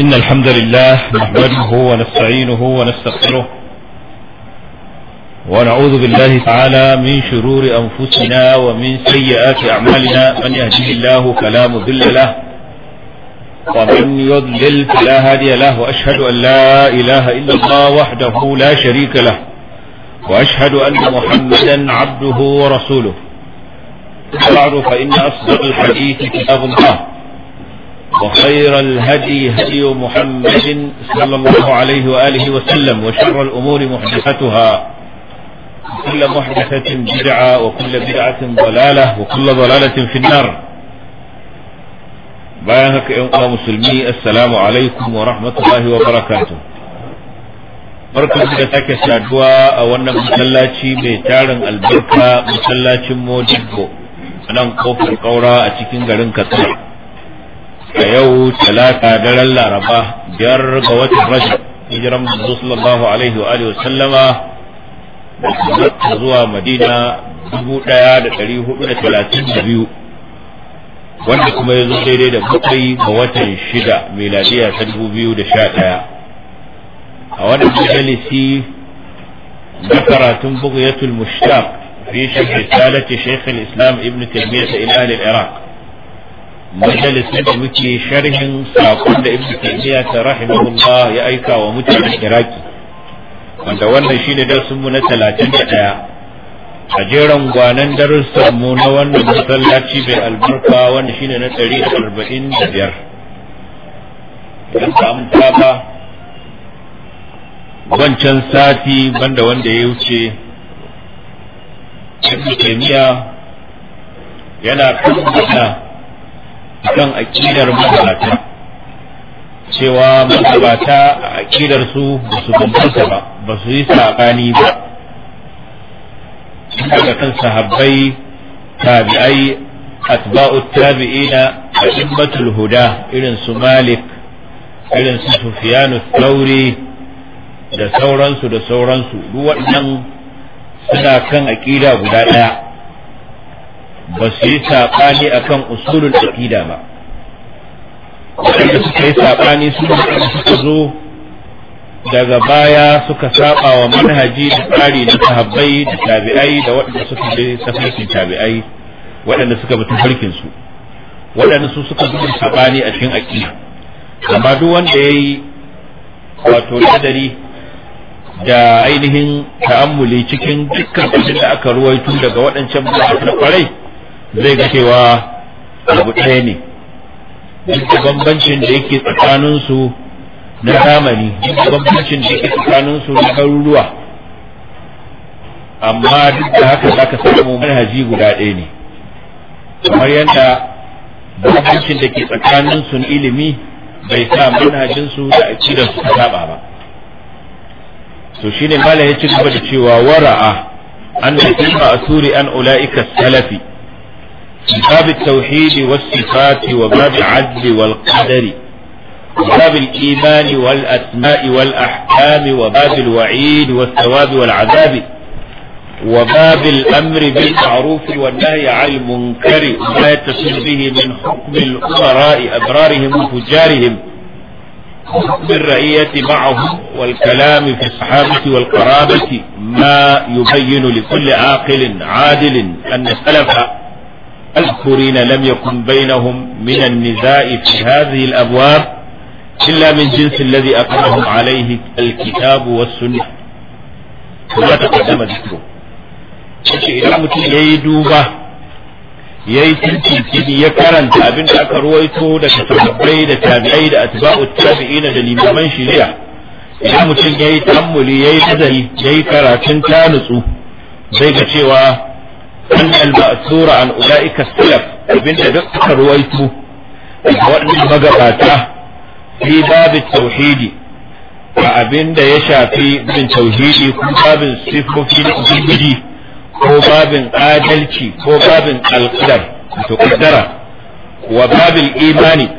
إن الحمد لله نحمده ونستعينه ونستغفره ونعوذ بالله تعالى من شرور أنفسنا ومن سيئات أعمالنا من يهديه الله فلا مضل له ومن يضلل فلا هادي له وأشهد أن لا إله إلا الله وحده لا شريك له وأشهد أن محمدا عبده ورسوله بعد فإن أصدق الحديث كتاب الله وخير الهدي هدي محمد صلى الله عليه وآله وسلم وشر الأمور محدثتها كل محدثة بدعة وكل بدعة ضلالة وكل ضلالة في النار بيانك يا مسلمي السلام عليكم ورحمة الله وبركاته barkan da take saduwa a wannan masallaci mai tarin albarka masallacin Modibbo a nan kofar kaura a cikin garin Katsina a yau talata daren laraba biyar ga watan rajab hijiran manzo sallallahu alaihi wa alihi sallama da zuwa madina dubu daya da dari hudu da talatin da biyu wanda kuma ya zo daidai da bakwai ga watan shida miladiya ta dubu biyu da sha daya a wannan majalisi na karatun bugayatul mushtaq fi shirk risalati shaykh al-islam ibn taymiyyah ila al-iraq majalisin da muke sharhin saƙon da ibnu taymiya ta rahimahullah ya aika wa mutanen iraki wanda wannan shine darsin mu na 31 a jeran gwanan darussan mu na wannan masallaci bai albarka wanda shine na 145 dan amta ba wancan sati banda wanda ya wuce ibnu taymiya yana kan Kan aƙidar magabata cewa magabata a aƙidar su ba su bambanta ba ba su yi saɓani ba daga kan sahabbai tabi'ai atba'u tabi'ina a'immatul huda irin su malik irin su sufyanu thauri da sauransu da sauransu duk waɗannan suna kan aƙida guda ɗaya ba su yi saɓani a kan usulun aƙida ba waɗanda suka yi saɓani su suka zo daga baya suka saɓa wa manhaji da tsari na sahabbai da tabi'ai da waɗanda suka bi tafarkin tabi'ai waɗanda suka bi tafarkin su waɗanda su suka bi saɓani a cikin aƙida amma duk wanda ya yi wato ladari da ainihin ta'ammuli cikin dukkan abin da aka ruwaito daga waɗancan mutane ƙwarai zai ga cewa abu ɗaya ne duk da bambancin da yake tsakaninsu na zamani duk bambancin da yake tsakaninsu na garuruwa amma duk da haka za ka samu manhaji guda ɗaya ne kamar yadda bambancin da ke tsakaninsu na ilimi bai sa su da su ta saba ba to shine mala ya ci gaba da cewa wara'a an da a asuri an ula'ika salafi باب التوحيد والصفات وباب العدل والقدر وباب الإيمان والأسماء والأحكام وباب الوعيد والثواب والعذاب وباب الأمر بالمعروف والنهي عن المنكر وما يتصل به من حكم الأمراء أبرارهم وفجارهم وحكم الرعية معهم والكلام في الصحابة والقرابة ما يبين لكل عاقل عادل أن السلف الآخرين لم يكن بينهم من النزاع في هذه الأبواب إلا من جنس الذي أقرهم عليه الكتاب والسنة ولا تقدم ذكره إذا متى يدوبه ya yi tilkiki ya karanta abin da aka ruwaito daga sahabbai da tabi'ai da atba'u tabi'ina da limaman shari'a idan mutum ya yi tammuli ya yi karatun ta nutsu zai ga cewa أن المأثور عن أولئك السلف ابن دقة رويته وأن المقباتة في باب التوحيد وأبن يشا في من توحيدي كل باب الصفر في الأبيدي ko babin adalci ko babin alƙadar to kaddara wa babin imani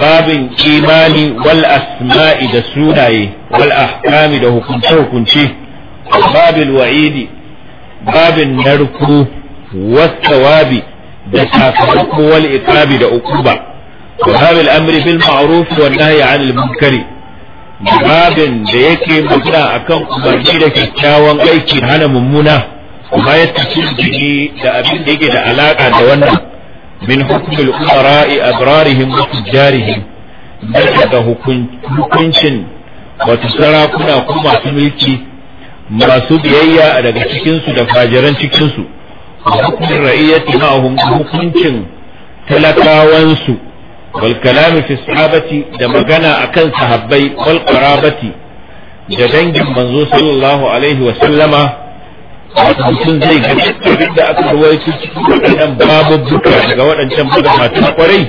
babin imani wal asma'i da sunaye wal ahkami da hukunce hukunce babin wa'idi babin narku wasawabi da sakamako wal iqabi da ukuba. wa babil amri bil ma'ruf wan nahyi 'anil munkari babin da yake magana akan umarni da kyakkyawan aiki hana mummuna kuma ya tafi jini da abin da yake da alaka da wannan min hukmul umara'i abrarihim wa tijjarihim daga hukuncin wato sarakuna ko masu mulki masu biyayya daga cikinsu da fajiran cikinsu hukumin ra'iyyati ma'ahum hukuncin talakawansu wal kalami fi sahabati da magana akan sahabbai wal qarabati da dangin manzo sallallahu alaihi wa sallama mutum zai ga abin da aka rawaito cikin waɗannan babubbuka daga waɗancan magabatan kwarai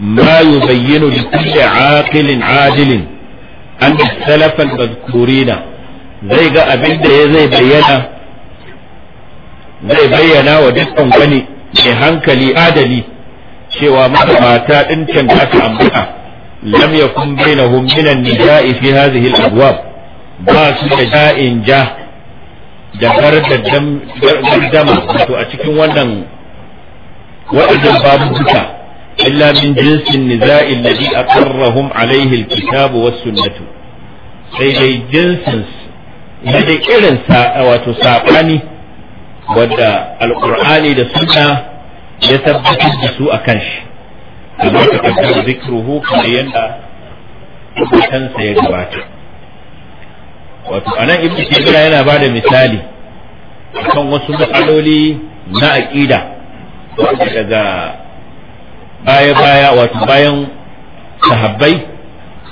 ma yubayyinu li kulli aqilin adilin an salafa al zai ga abin da ya zai bayyana zai bayyana wa dukkan wani mai hankali adali cewa mata mata din can da aka ambata lam yakun bainahum min an-nija'i fi hadhihi al-abwab ba su da ja'in ja da gardama To a cikin wannan waɗannan babuka illa min jinsin niza'i alladhi aqarrahum alayhi al-kitab was-sunnah sai dai jinsin na da irin wato saɓani wadda alƙur'ani da suna ya tabbatar da su a kan shi kamar ka tabbatar zikruhu kamar yadda rubutansa ya gabata wato anan ibnu tabiya yana ba da misali kan wasu matsaloli na aƙida daga baya-baya wato bayan sahabbai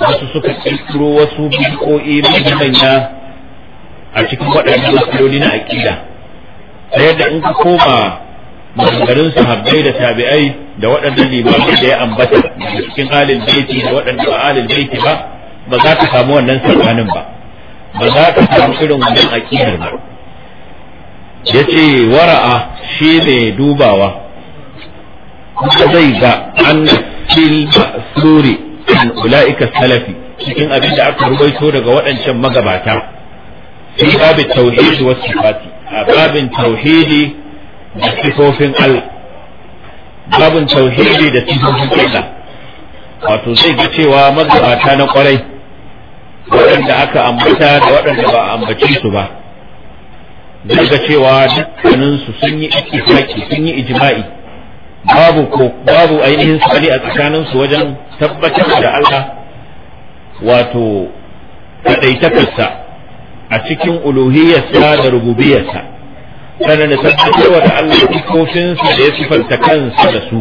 wasu suka ƙirƙiro wasu bid'o'i manya a cikin waɗannan matsaloli na aƙida ta yadda in ka koma maganganun sahabbai da tabi'ai da waɗannan limamai da ya ambata daga cikin alil baiti da waɗanda ba alil baiti ba ba za ka samu wannan sakanin ba ba za ka samu irin wannan aƙidar ba ya ce wara'a shi ne dubawa kuma zai ga an fil suri an ula'ika salafi cikin abin da aka rubaito daga waɗancan magabata fi babu a babin tauhidi da sifofin Allah wato zai ga cewa magabata na kwarai waɗanda aka ambata da waɗanda ba a ambace su ba zai ga cewa dukkaninsu sun yi ittifaki sun yi ijma'i babu ko babu ainihin sani a tsakaninsu wajen tabbatar da Allah wato kaɗaitakarsa a cikin uluhiyarsa da rububiyarsa sannan da tabbatarwa da Allah sifofinsa da ya sifanta kansa da su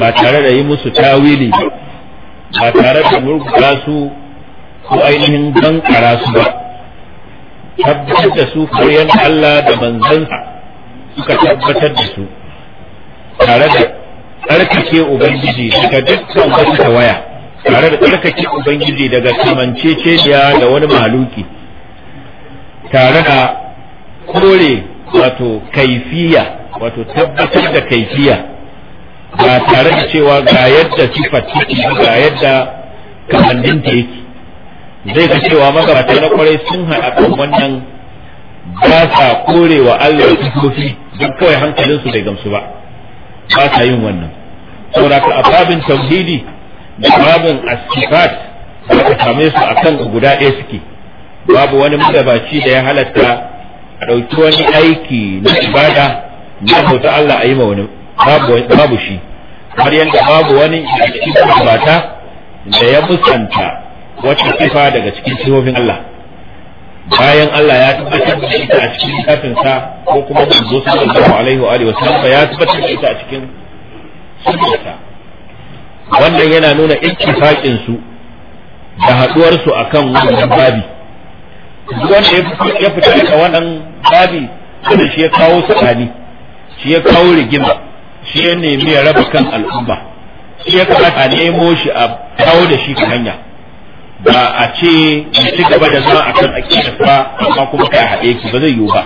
ba tare da yi musu tawili ba ba tare da murguda su ko ainihin bankara su ba tabbatar da su koyan Allah da manzansa suka tabbatar da su tare da tsarkake Ubangiji daga dukkan wata waya tare da tsarkake Ubangiji daga kamanceceniya da wani mahaluki tare da kore wato kaifiya wato tabbatar da kaifiya ba tare da cewa ga yadda sifar ciki ga yadda kamannin ta yake zai ga cewa magabata na kwarai sun haɗa kan wannan ba sa kore wa Allah sifofi don kawai hankalinsu bai gamsu ba ba sa yin wannan saboda ka ababin tauhidi da babin asifat ba ka same su a kan guda ɗaya suke babu wani magabaci da ya halatta a ɗauki wani aiki na ibada na bauta Allah a yi ma wani babu shi har yadda babu wani mata da ya musanta wata sifa daga cikin sifofin Allah bayan Allah ya tabbatar da ita a cikin kafinsa, ko kuma manzo sallallahu alaihi wa alihi wasallam ya tabbatar da ita a cikin sunnarsa wannan yana nuna ittifaqin su da haduwar su akan wannan babi wanda ya fita daga wannan babi da shi ya kawo tsakani shi ya kawo rigima shi ya nemi ya raba kan al'umma shi ya kamata a nemo shi a kawo da shi ka hanya ba a ce ya ci gaba da zama a akidar ba amma kuma kai haɗe ki ba zai yiwu ba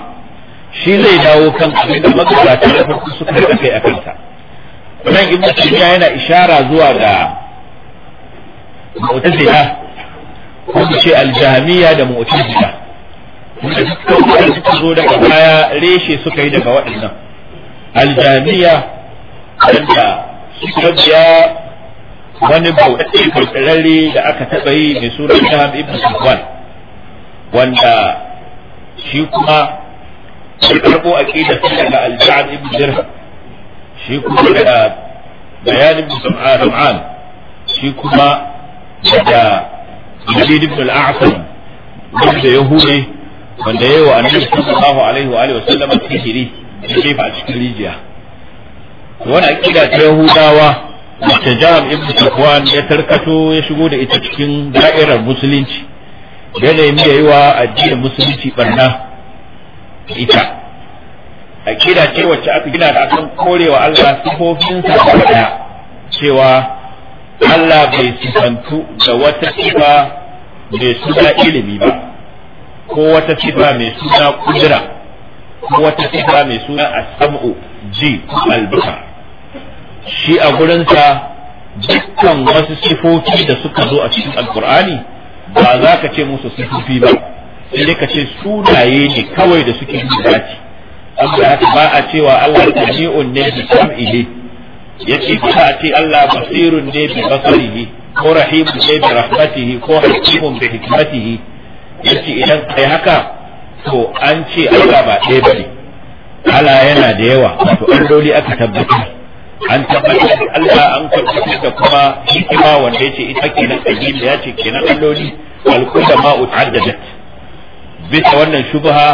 shi zai dawo kan abin da magabata na farko suka yi kai a ta nan ibnu taymiya yana ishara zuwa ga mu'tazila ko ce aljamiya da mu'tazila Wanda suka zo daga baya reshe suka yi daga waɗannan aljamiya wanda suka biya wani bauɗaɗɗe kulkurarre da aka taɓa yi mai sura Shahab ibn Sufwan wanda shi kuma shi karɓo aqida sun daga Al-Ja'd ibn Dirham shi kuma daga Bayan ibn shi kuma daga Yazid ibn al-A'sam wanda Yahudi wanda yayi wa Annabi sallallahu alaihi wa alihi wa sallam sihiri da jefa a cikin rijiya wani akida ta Yahudawa da Jaram ibn Safwan ya tarkato ya shigo da ita cikin da'irar musulunci ya nemi yayi wa addinin musulunci barna ita akida ce wacce aka gina da akan korewa Allah sifofinsa da cewa Allah bai sifantu da wata sifa mai suna ilimi ba ko wata sifa mai suna kudura ko wata sifa mai suna asam'u ji albasa shi a gurinsa dukkan wasu sifofi da suka zo a cikin alkur'ani ba za ka ce musu sifofi ba sai ka ce sunaye ne kawai da suke yi dace amma ba a cewa Allah sami'un ne bi sam'ihi yace a ce Allah basirun ne bi basarihi ko rahimu ne bi rahmatihi ko hakimun bi hikmatihi yace idan kai haka to an ce Allah ba ɗaya bane Allah yana da yawa wato alloli aka tabbatar an tabbatar da Allah an tabbatar da kuma hikima wanda yace ita kenan ajin da yace kenan alloli alkulla ma utaddadat bisa wannan shubha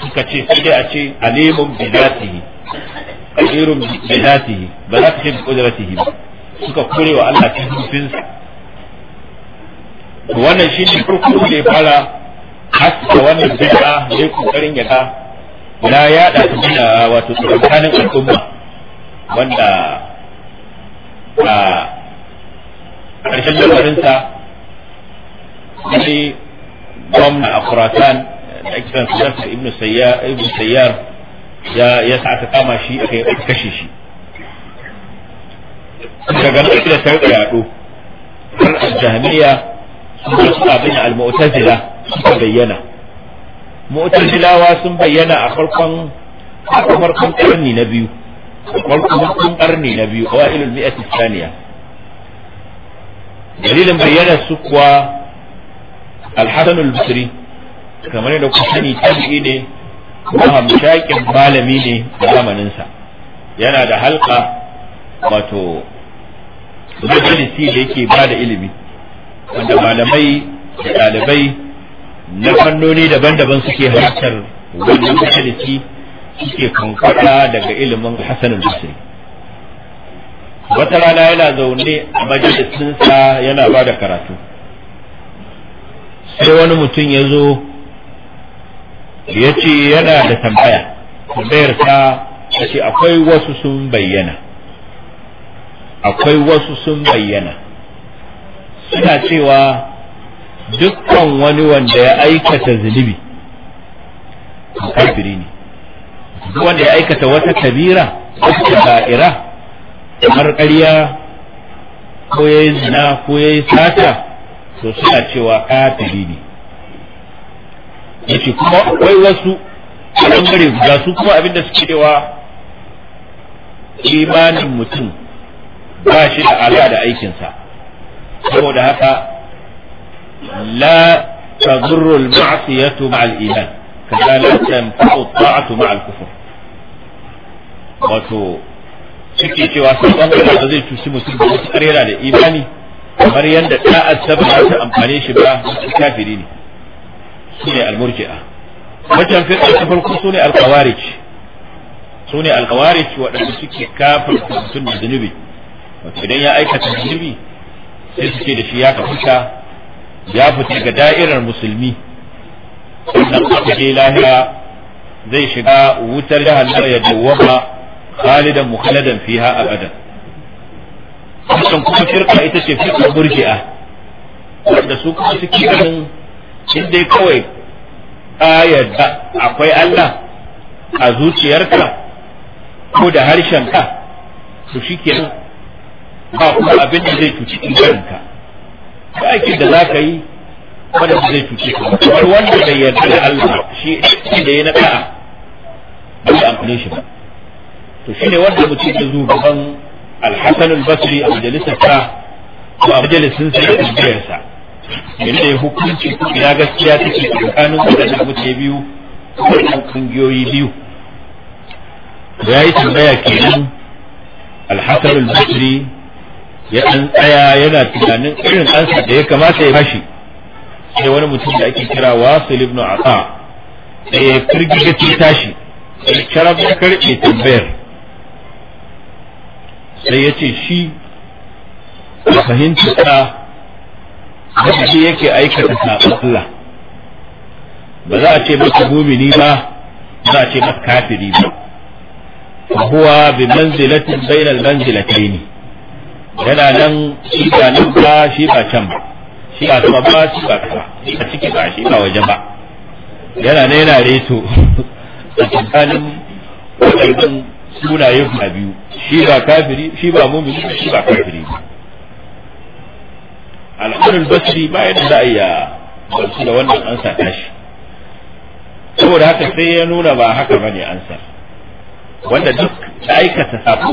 suka ce sai a ce alimun bi qadirun bi dhatihi ba za ce ba suka kure wa Allah cikin to wannan shi ne farko da ya fara haska wannan bid'a da ya kokarin ya ka na yada ta bid'a wato tsakanin al'umma wanda a ƙarshen lamarinsa wani gwamna a Khurasan da ake kiran sunansa Ibn Sayyar ya ya sa aka kama shi aka kashe shi daga nan da ta yaɗo har aljahmiya sun ci abin al-mu'tazila suka bayyana mu'tazilawa sun bayyana a farkon a farkon karni na biyu farkon karni na biyu a ilul mi'ati thaniya dalilin bayyana su kuwa al-hasan al-basri kamar yadda ku sani tabi'i ne kuma malami ne da zamaninsa yana da halka wato majalisi da yake ba da ilimi wanda malamai da ɗalibai na fannoni daban-daban suke halartar wannan majalisi suke kankwada daga ilimin Hassan Basri. wata rana yana zaune a majalisinsa yana ba da karatu sai wani mutum ya zo ya ce yana da tambaya tambayar ta ce akwai wasu sun bayyana akwai wasu sun bayyana suna cewa dukkan wani wanda ya aikata zunubi kafiri ne duk wanda ya aikata wata kabira wata da'ira kamar ƙarya ko ya yi zina ko ya yi sata to suna cewa kafiri ne yace kuma akwai wasu a bangare guda su kuma abin abinda suke cewa imanin mutum ba shi da ala da aikinsa saboda haka la تضر المعصية مع الإيمان كذا لا تنفع الطاعة مع الكفر wato suke cewa sun san da zai cuci mutum da wasu karera da imani kamar yadda da'ar ta ba ta amfane shi ba wasu kafiri ne su ne almurji'a wajen fiƙa ta farko su ne alkawarij su ne alkawarij waɗanda suke kafin mutum da zunubi wato idan ya aikata zunubi sai su ce da shi ya kafuta ya fita ga da'irar musulmi wannan aka je lahira zai shiga wutar jahannama ya dawwama khalidan mukhaladan fiha abadan wannan kuma firka ita ce firka murji'a wanda su kuma suke ganin in dai kawai ka yarda akwai Allah a zuciyarka ko da harshenka to ke ba kuma abin da zai cuci imaninka ba aiki da za ka yi wanda zai cuci ka kamar wanda bai yarda da Allah shi da ya na ka ba zai amfani shi ba to shi ne wanda mutum ya zo gaban al basri a majalisarsa ko a majalisin sa da sa yadda ya hukunci ya gaskiya take tsakanin waɗannan mutane biyu ko kungiyoyi biyu ya yi tambaya kenan alhassan al-basri ya ɗan tsaya yana tunanin irin ansa da ya kamata ya bashi sai wani mutum da ake kira wasil ibn asa sai ya firgiga ta tashi sai sharaf ya karɓe tambayar sai ya ce shi ya fahimci wanda shi yake aikata saɓa Allah ba za a ce masa mumini ba za a ce masa kafiri ba huwa bi manzilatin bainal manzilataini yana nan shi ba nan ba shi ba can ba shi ba sama ba shi ba kasa shi ba ciki ba shi ba waje ba yana nan yana reto a tsakanin waɗannan sunaye guda biyu shi ba kafiri shi ba mumini shi ba kafiri ba al'amarin basri ba yadda za a iya barci da wannan ansa tashi saboda haka sai ya nuna ba haka ba ne ansa wanda duk aikata sabo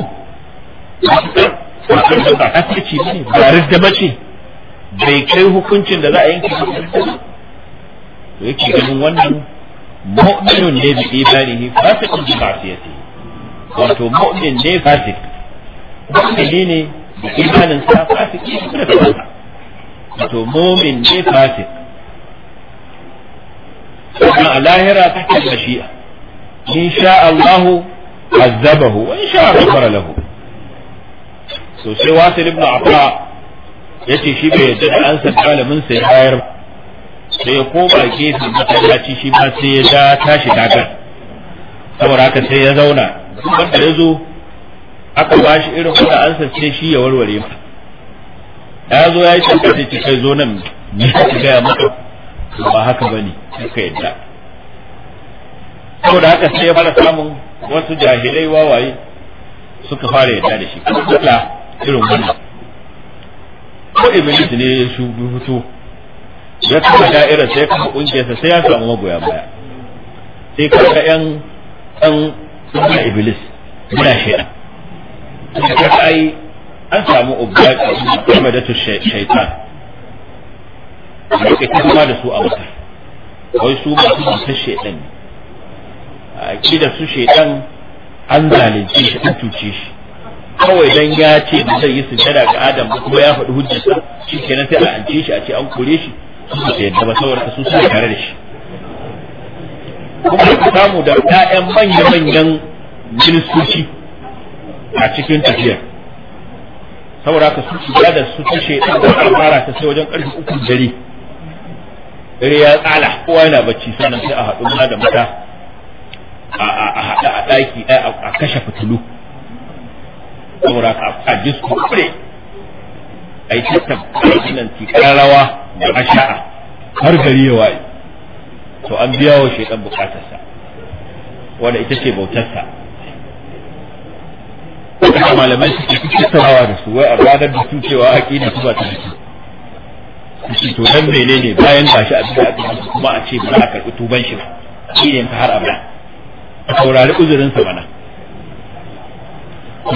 wato ba kafirci bane ba ridda mace bai kai hukuncin da za a yanke hukunci to yake ganin wannan mu'minun ne bi imanihi fasiqun bi ma'siyatihi wato mu'min ne fasik mu'mini ne bi imanin sa fasiki ne da ba wato momin ne fasik kuma a lahira ta mashi'a in sha Allahu azabahu wa in sha ghafara lahu so sai wasil ibn afa yace shi bai yadda da an san malamin sai bayar sai ya koma gefe masallaci shi ba sai ya da tashi dagar saboda haka sai ya zauna wanda ya zo aka bashi irin wanda an sai shi ya warware masa ya zo ya yi tabbata ce kai zo nan ni ka gaya maka ba haka ba bane suka yadda saboda haka sai ya fara samun wasu jahilai wawaye suka fara yadda da shi kuma irin wani ko iblis ne ya shubu fito ya kama da'irar sai kuma kungiyarsa sai ya samu magoya baya sai kaga yan yan iblis muna shaidan sai ai an samu ubadatu shaitan da ke kuma da su a wata wai su ba su ta shaitan a ki da su shaitan an zalunce shi an tuce shi kawai dan ya ce da zai yi sujada ga Adam kuma ya faɗi hujjarsa shi kenan sai a ance shi a ce an kore shi su ba yadda ba saboda su suna tare da shi kuma ka samu da 'ya'yan manya-manyan ministoci a cikin tafiyar saboda haka su da su ta shaitan da fara ta sai wajen karfi uku dare dare ya tsala kowa yana bacci sannan sai a haɗu maza da mata a haɗa a ɗaki a kashe fitilu saboda haka a disko kure a yi tattabta nan tikararrawa da asha'a har gari ya waye to an biya wa shaitan bukatarsa wanda ita ce bautarsa da malamai suke tattaunawa da su wai a ranar da su cewa aqida su ba ta da su. to dan menene bayan ba shi abin da aka kuma a ce ba a karɓi tuban shi ba ne ka har abada a saurari uzurin sa mana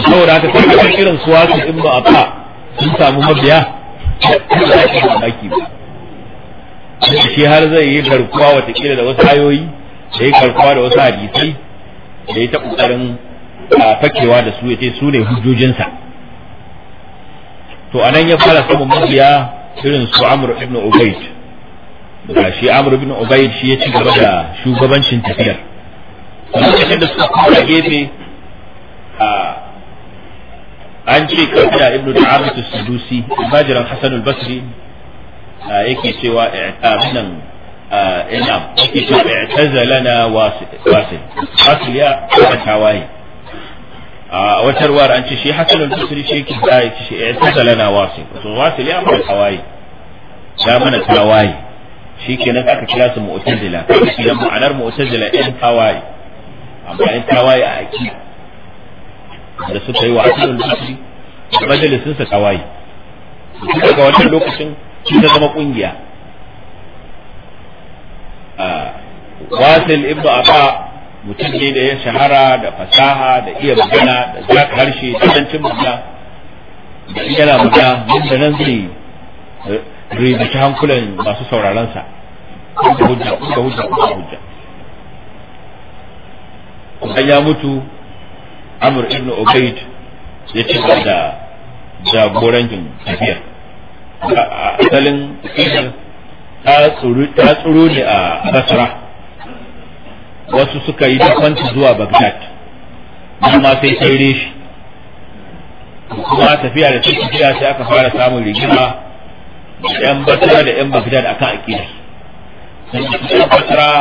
saboda haka sai ka irin su wasu in ba a ba sun samu mabiya ba za ka yi maki ba shi har zai yi garkuwa watakila da wasu ayoyi da ya karkuwa da wasu hadisai da ya ta ƙoƙarin fakewa da su ya ce su ne hujjojinsa to anan ya fara samun mabiya irin su Amur ibn ubaid daga shi Amr ibn ubaid shi ya ci gaba da shugabancin tafiyar lokacin da suka koma gefe a an ce kafiya ibn Ibnu as-Sudusi bajiran Hasan al-Basri yake cewa abinan ina yake cewa i'tazalana wasil wasil ya tawaye a wata ruwa an ce shi al-basri shi yake da yake shi ya eh, tsala lana wasi to wasi ya mana tawayi ya mana tawayi shikenan aka kira su mu'tazila da ma'anar mu'tazila in tawayi amma in tawayi a aiki da suka yi wa al-basri majalisin sa tawayi daga wannan lokacin shi ta zama kungiya wasil ibnu aba mutum ne da ya shahara da fasaha da iya magana da zaka harshe cin magana da yana magana nan da nan zai ribaci hankulan masu sauraronsa da hujja da hujja da hujja kuma ya mutu amur ibn ubaid ya ci da jagorancin a asalin ta tsuru ne a basra wasu suka yi dafanci zuwa Baghdad amma sai saure shi kuma tafiya da tafiya sai aka fara samun rigima da yan basra da yan Baghdad akan aqida sai yan basra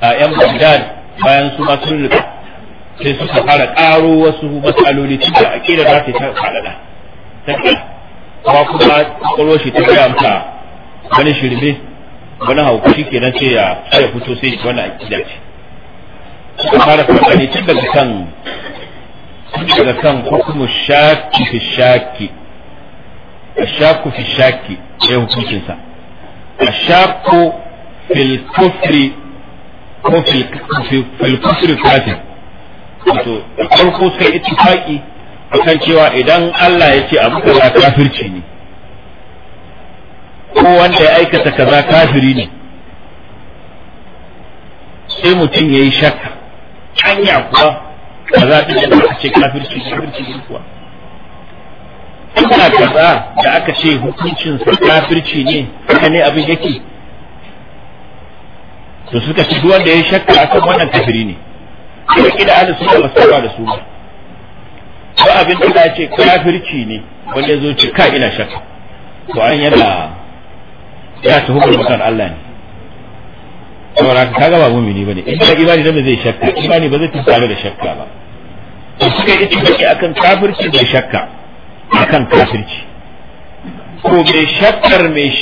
a yan Baghdad bayan su ma sun rika sai suka fara karo wasu matsaloli cikin aqida za ta faɗaɗa ta kuma kuma kwalwar shi ta gaya mata wani shirme wani hauku shi kenan ce ya ya fito sai shi wannan akida ce a fara fara ne tun daga kan tun daga kan hukumu shaki fi shaki a الشاك في الشاك ايه hukuncin sa الشاك في الكفر ko filkusir kafin wato farko sai ita ittifaki akan cewa idan Allah ya ce abu kaza kafirci ne ko wanda ya aikata kaza kafiri ne sai mutum ya yi shakka canya kuwa ba za ta da aka ce kafirci kafirci ne kuwa ina kaza da aka ce hukuncinsa kafirci ne haka ne abin yake to suka ci duk wanda ya shakka akan wannan kafiri ne sai kida ahli su da saba da su ba ko abin da ya ce kafirci ne wanda ya zo ci ka ina shakka to an yana ya tuhumar mutan Allah ne saboda ka kaga ba mumini bane in da imani da zai shakka imani ba zai tare da shakka ba suka yi ittifaqi akan kafirci da shakka akan kafirci ko bai shakkar mai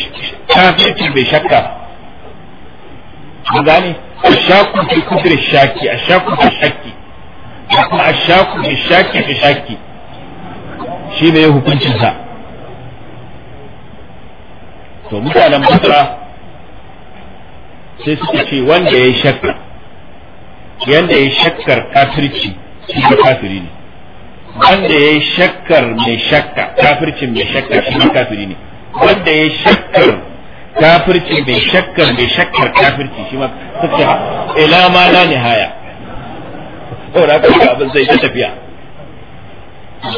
kafirci bai shakka gane ashaku fi kufr shaki shakku fi shaki kuma shakku fi shaki fi shaki shi ne hukuncin sa to mutanen basra sai suka ce wanda ya shakka yanda ya shakkar kafirci shi ne kafiri ne wanda ya yi shakkar mai shakka kafircin mai shakka shi ne kafiri ne wanda ya yi shakkar kafircin mai shakkar mai shakkar kafirci shi ma suka ila ma na nihaya saboda haka ga abin zai ta tafiya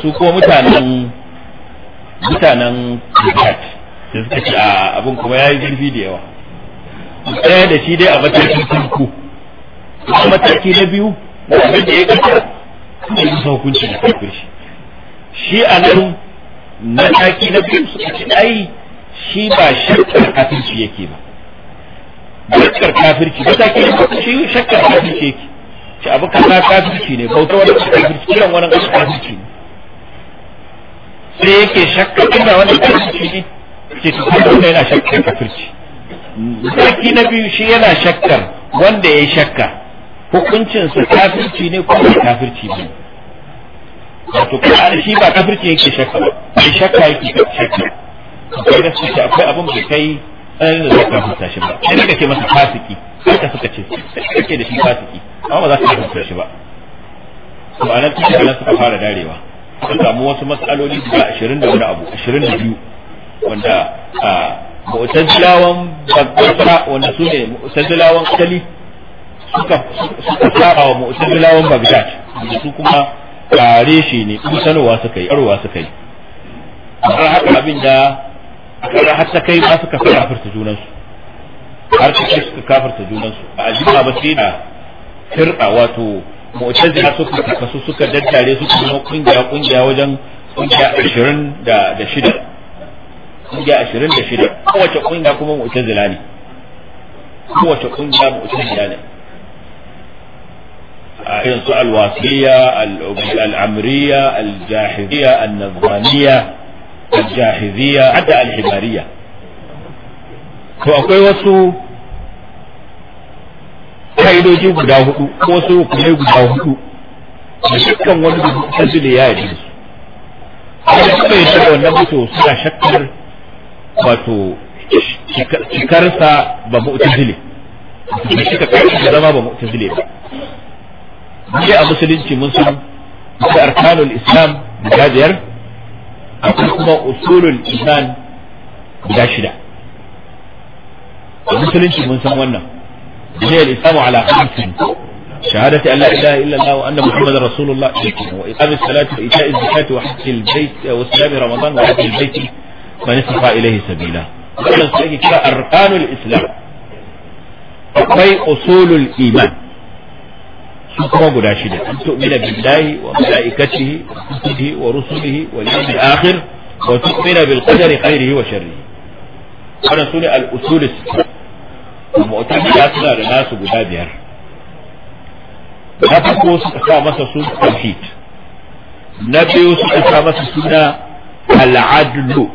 su ko mutanen mutanen kafirci sai suka ce a abin kuma ya yi zurfi da yawa tsaya da shi dai a matakin farko a mataki na biyu da abin da ya kasa kuma yi musa hukunci da kafin shi shi a nan mataki na biyu suka ce ai shi ba shakkar kafin shi yake ba shakkar kafin shi mataki na farko shi shakkar kafin shi yake shi abu kasa kafin shi ne bauta wani kafin shi kiran wani kafin shi ne sai yake shakkar kuma wani kafin shi ne ce su wanda yana shakkar kafirci zaki na biyu shi yana shakkar wanda ya shakka hukuncinsa kafirci ne ko ba kafirci ne wato kuma shi ba kafirci yake shakka ba shakka yake shakka akwai da suke akwai abin da kai ɗan da zaka huta shi ba sai daga ce masa fasiki ka suka ce kake da shi fasiki amma ba za ka huta shi ba to anan tuka nan suka fara darewa sun samu wasu matsaloli guda ashirin da wani abu ashirin da biyu wanda a mu'tazilawan basra wanda su ne mu'tazilawan kali suka suka saba wa mu'tazilawan bagdad da su kuma kare shi ne sanowa suka yi arwa suka yi har haka abin da har har ta kai ma suka kafirta junansu har ta kai suka kafirta junansu a jima ba sai da firka wato mu'tazila suka kasu suka daddare su kuma kungiya kungiya wajen kungiya ashirin da shida kungiya ashirin da shida kowace kungiya kuma mu'tazila ne kowace kungiya mu'tazila ne a irin su alwasiliya al'amriya aljahiliya annazaniya aljahiziya hadda alhibariya to akwai wasu ka'idoji guda hudu ko wasu hukumai guda hudu da dukkan wani mu'tazila ya yi su. Kuma ya shiga wannan mutu suna shakkar wato cikarsa ba mu'tazili da shi ka karsa zama ba mu'tazili ba ne a musulunci mun san da arkanul islam guda biyar akwai kuma usulul iman guda shida a musulunci mun san wannan ne al islam ala khamsin شهادة أن لا إله إلا الله وأن محمد رسول الله وإقام الصلاة وإيتاء الزكاة وحج البيت وصيام رمضان وحج البيت فنسخ إليه سبيلا وقلت الإسلام أي أصول الإيمان سكرة قداشدة أن تؤمن بالله وملائكته وكتبه ورسله واليوم الآخر وتؤمن بالقدر خيره وشره أنا سنة الأصول الستة ومؤتمياتنا لناس قدادها نفقوس أخامس سنة التوحيد نبيوس أخامس سنة العدل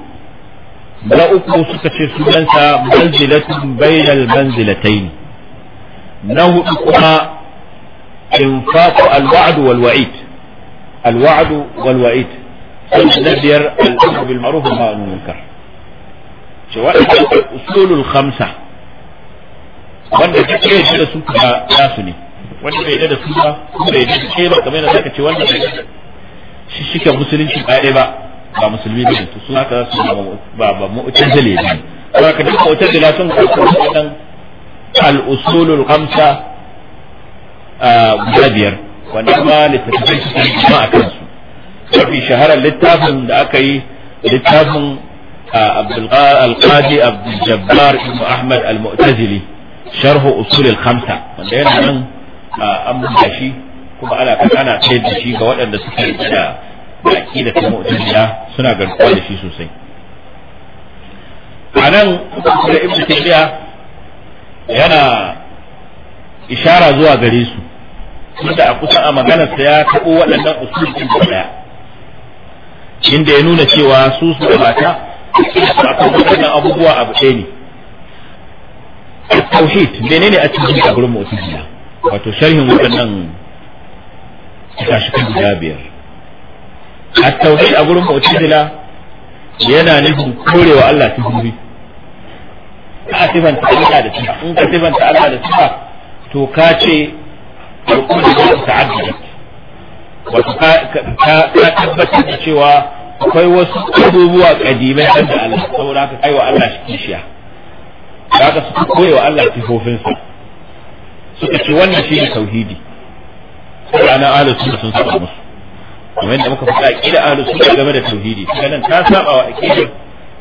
na uku suka ce sunansa manzilatun bainal manzilatayn na hudu kuma infaqu alwa'd wal wa'id alwa'd wal wa'id na biyar al'amr bil ma'ruf wa nahy munkar ce wa'id usulul khamsa wanda duk ya da su kuma su ne wanda bai da su ba bai da ke ba kamar yadda zaka ce wanda bai shi shike musulunci ba ba ba musulmi bane to sun haka su ba ba mu'tazile ne ba ka duk mu'tazila sun karɓi wannan al-usulul khamsa guda biyar wanda kuma littattafai su kan kuma a kansu mafi shaharar littafin da aka yi littafin al-qadi abdul jabbar ibn ahmad al-mu'tazili sharhu usulul khamsa wanda yana nan an buga shi kuma ana ana kai da shi ga waɗanda suke da da aqida ta mu'tazila suna garkuwa da shi sosai anan da ibnu taymiya yana ishara zuwa gare su inda a kusa a maganar sa ya tabo waɗannan usul da daya inda ya nuna cewa su su da mata akan waɗannan abubuwa abu ɗaya ne tauhid menene a cikin gurin mu'tazila wato sharhin waɗannan kashikan guda biyar A tauhi a gurin mu'tazila yana nufin korewa Allah sifofi ka sifanta Allah da sifa in ka sifanta Allah da sifa to ka ce alƙudu da ka tabbatar da cewa akwai wasu abubuwa kadimai an da Allah saboda haka kai wa Allah kishiya kaga su koyewa Allah sifofinsa suka ce wannan shi ne tauhidi ranar ahlus sunna sun saba musu kamar yadda muka faɗa aqida ahlus sunna game da tauhidi nan ta saba wa aqidar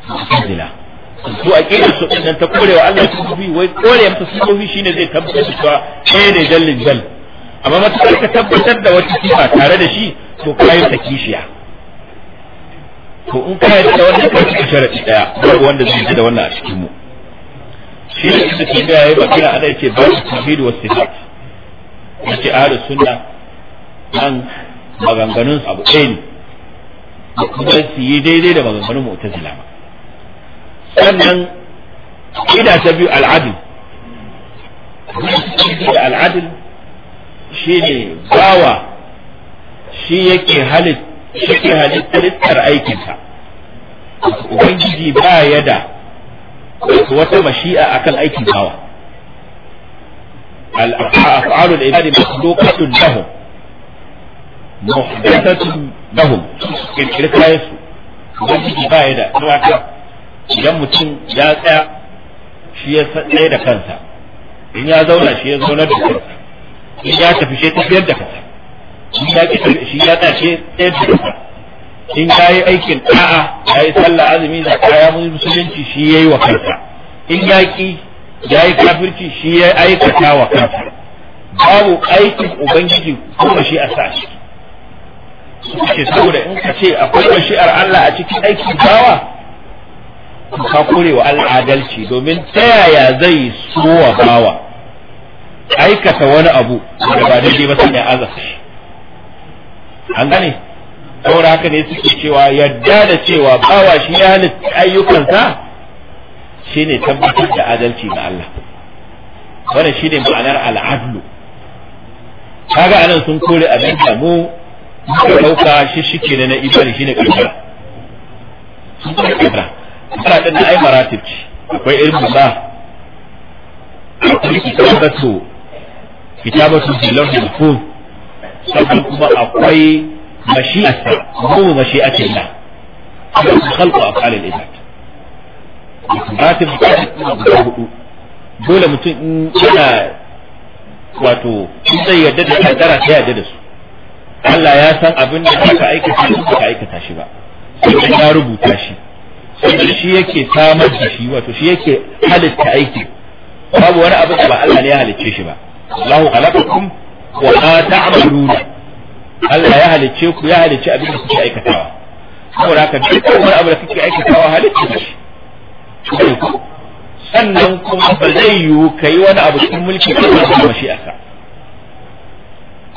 mu'tazila su aqidar su din ta kore wa Allah sufi wai kore masa sufi shine zai tabbatar da cewa kai ne jallin jall amma matakar ka tabbatar da wata sifa tare da shi to kai ta kishiya to in ka yarda da wannan kai ka sharadi daya babu wanda zai yarda da wannan a cikin mu shi ne da ke ga yayi bakira ana yake ba tauhid wa sifat yace ahlus sunna an maganganun abu ɗaya ne kuma su yi daidai da maganganun mu'tazila ba sannan ida ta biyu al'adil al'adil shi ne bawa shi yake halit shi ke halittar aikinsa ubangiji ba ya da wata mashi'a akan aikin bawa al'afalul ibadi makhluqatun lahum muhdathatun lahum kirkiri kayan su ubangiji ba ya da tsawaka idan mutum ya tsaya shi ya tsaye da kansa in ya zauna shi ya zaunar da kansa in ya tafi shi tafiyar da kansa in ya ki shi ya tsaya shi tsaye da kansa in ya yi aikin da'a ya yi sallah azumi da zakka ya musulunci shi ya yi wa kansa in ya ki ya yi kafirci shi ya aikata wa kansa babu aikin ubangiji kuma shi a sa shi ce saboda in ka ce akwai bashi'ar Allah a cikin aikin bawa ka kore wa Allah domin ta yaya zai so wa bawa aikata wani abu da ba daidai ba sai ya aza an gane saboda haka ne suke cewa yadda da cewa bawa shi ya halitta ayyukansa shine tabbatar da adalci ga Allah wannan shine ma'anar al'adlu kaga anan sun kore abin da mu suka ɗauka shi shike ne na imani shi ne kaddara sun kuma kaddara kaddara ɗin na ai maratib ce akwai irin ba akwai kitabatu kitabatu zillar da ko sannan kuma akwai mashi'ata mu mashi'atin la akwai khalqu afal al-ibad maratib da hudu dole mutum yana wato in zai yarda da kaddara ta yadda da su Allah ya san abin da aka aikata shi ba aikata shi ba sai ya rubuta shi sai shi yake samar da shi wato shi yake halitta aiki babu wani abin da ba Allah ne ya halicce shi ba Allahu khalaqakum wa la ta'maluna Allah ya halicce ku ya halicce abin da kuke aikatawa saboda haka duk wani abin da kuke aikatawa halicce shi sannan kuma ba zai yiwu kai wani abu cikin mulki ko kuma mashi'arka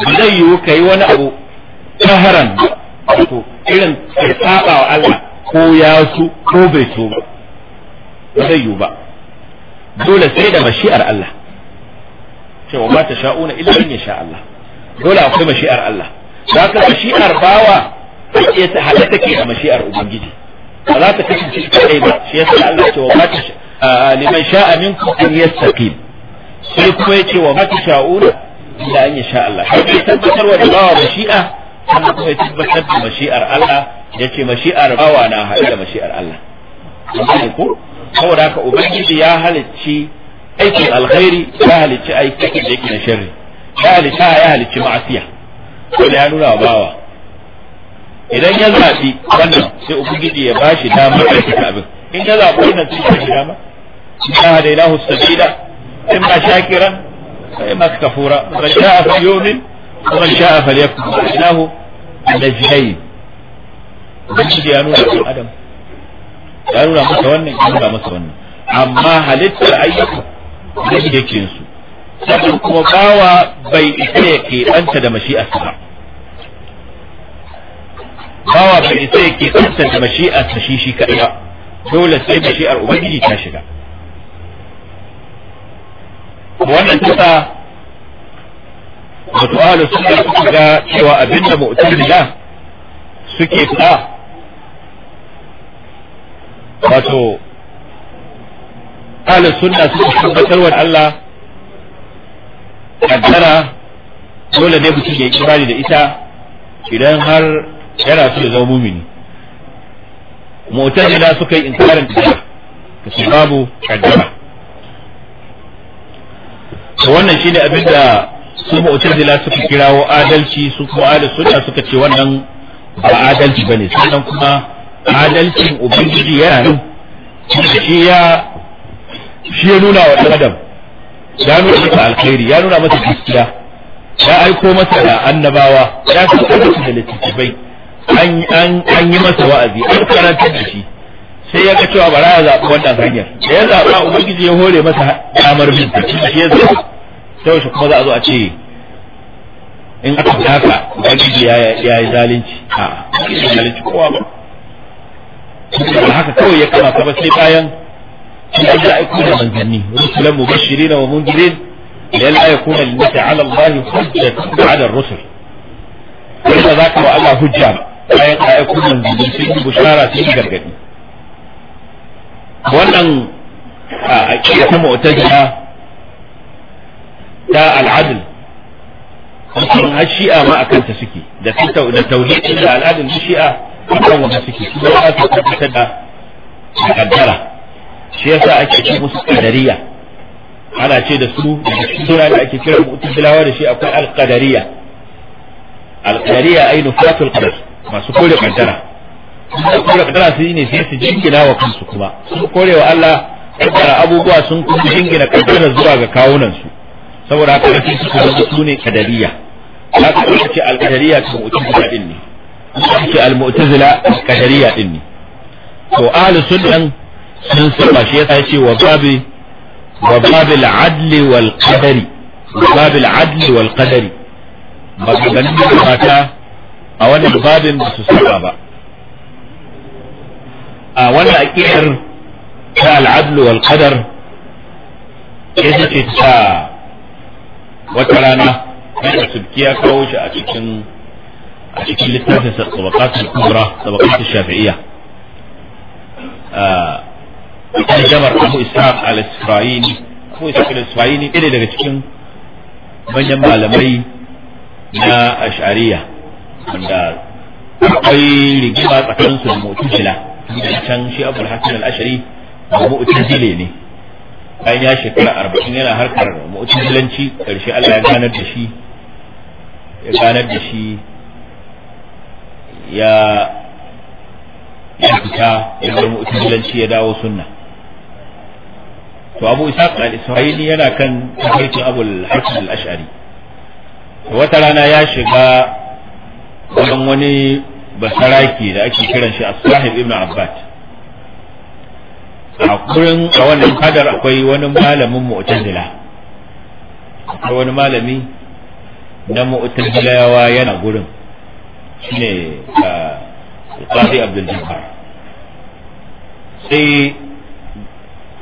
ba zai yiwu ka yi wani abu taharan wato irin ka saba wa Allah ko ya su ko bai so ba ba zai yiwu ba dole sai da mashi'ar Allah cewa ba ta sha'una illa in ya sha Allah dole akwai mashi'ar Allah za ka mashi'ar bawa take ta hada take da mashi'ar ubangiji ba za ta kasance kadai ba shi yasa Allah cewa ba ta liman sha'a minkum an yastaqim sai kuma yace wa ma ta sha'una illa an yasha Allah sai tabbatar wa bawa mashi'a sannan kuma ya tabbatar da mashi'ar Allah ya ce mashi'ar bawa na haɗu da mashi'ar Allah kun ko saboda haka ubangiji ya halicci aikin alkhairi ya halicci aikin da yake na sharri ya halicci ya halicci ma'asiya dole ya nuna wa bawa idan ya zaɓi wannan sai ubangiji ya bashi damar aikata abin in ya zaɓi wannan sai ya bashi dama إنا هديناه السبيل إما shakiran. فإما كفورا فمن شاء فليؤمن ومن شاء فليكفر وحده النجدين من شدي أنونا في الأدم أنونا متونا أنونا متونا أما هل التعيق نجد كنسو سبب مباوى بي إسيك أنت دمشي أسرع باوى بي إسيك أنت دمشي أسرع شيشي كأيا دولة سيب شيئا أبدي تاشرع wannan kisa wato ahlu sunna suka ga cewa abinda mu'tazila suke fada wato ahlu sunna suka tabbatar wa Allah kaddara dole ne mutum ya yi imani da ita idan har yana so ya zama mumini mu'tazila suka yi inkarin su babu kaddara wannan shine abin da su mu'tazila suka kirawo adalci su kuma ahlus sunna suka ce wannan ba adalci bane sannan kuma adalcin ubangiji yana nan shi ya shi ya nuna wa dan adam ya nuna masa alkhairi ya nuna masa gaskiya ya aiko masa da annabawa ya tsaka da littattafai an yi masa wa'azi an karantar da shi sai ya ga cewa bara ya zaɓi wannan hanyar da ya zaɓa ubangiji ya hore masa damar bin ta shi ya zaɓa sai shi kuma za a zo a ce in aka haka ubangiji ya yi zalunci a zalunci kowa ba ba haka kawai ya kama ba sai bayan shi an da aiko da manzanni rusulan mubashirin wa mundirin lalla yakuna lillahi ala allahi hujjatun ba'da ar-rusul wanda zaka wa Allah hujja bayan ka aiko manzanni sun yi bushara sun yi gargadi wannan a ta mu'tazila ta al'adl kuma har shi'a ma a kanta suke da da da al'adl da shi'a a kan wannan suke su ba su tabbatar da kaddara shi yasa ake ce musu qadariya ana ce da su suna da ake kira mu'tazilawa da shi akwai al-qadariyya al-qadariyya ay nufatul masu kore kaddara da kore kadara su yi ne sai su jingina wa kansu kuma sun kore wa Allah kadara abubuwa sun kuma jingina kadara zuwa ga kawunan su saboda haka sai su zama su ne kadariya ka suka ce al-kadariya ta mu'tazila din ne suka ce al-mu'tazila kadariya din ne to ahlus sunnah sun saba shi yasa yace wa babi wa babil adli wal qadari babil adli wal qadari maganganun mata a wannan babin ba su saba ba a wannan aqidar ta al'adlu wal qadar ita ce ta wata rana da subki ya kawo shi a cikin a cikin littafin sabaqatul kubra sabaqatul shafi'iyya a jamar Abu Ishaq al-Isra'ili Abu Ishaq al-Isra'ili ɗaya daga cikin manyan malamai na ash'ariya wanda akwai rigima tsakaninsu da mutujila can shi abul hasan al-ashari mu'tazile ne ya shekara 40 yana harkar mu'tazilanci karshe Allah ya ganar da shi ya ganar da shi ya ya fita ya bar mu'tazilanci ya dawo sunna to Abu al-Isra'ili yana kan tafarkin Abul al-Ash'ari wata rana ya shiga wajen wani basaraki da ake kiran shi as-sahib ibn abbad a kurin a wannan kadar akwai wani malamin mu'tazila akwai wani malami na mu'tazilawa yana gurin shine qadi abdul jabbar sai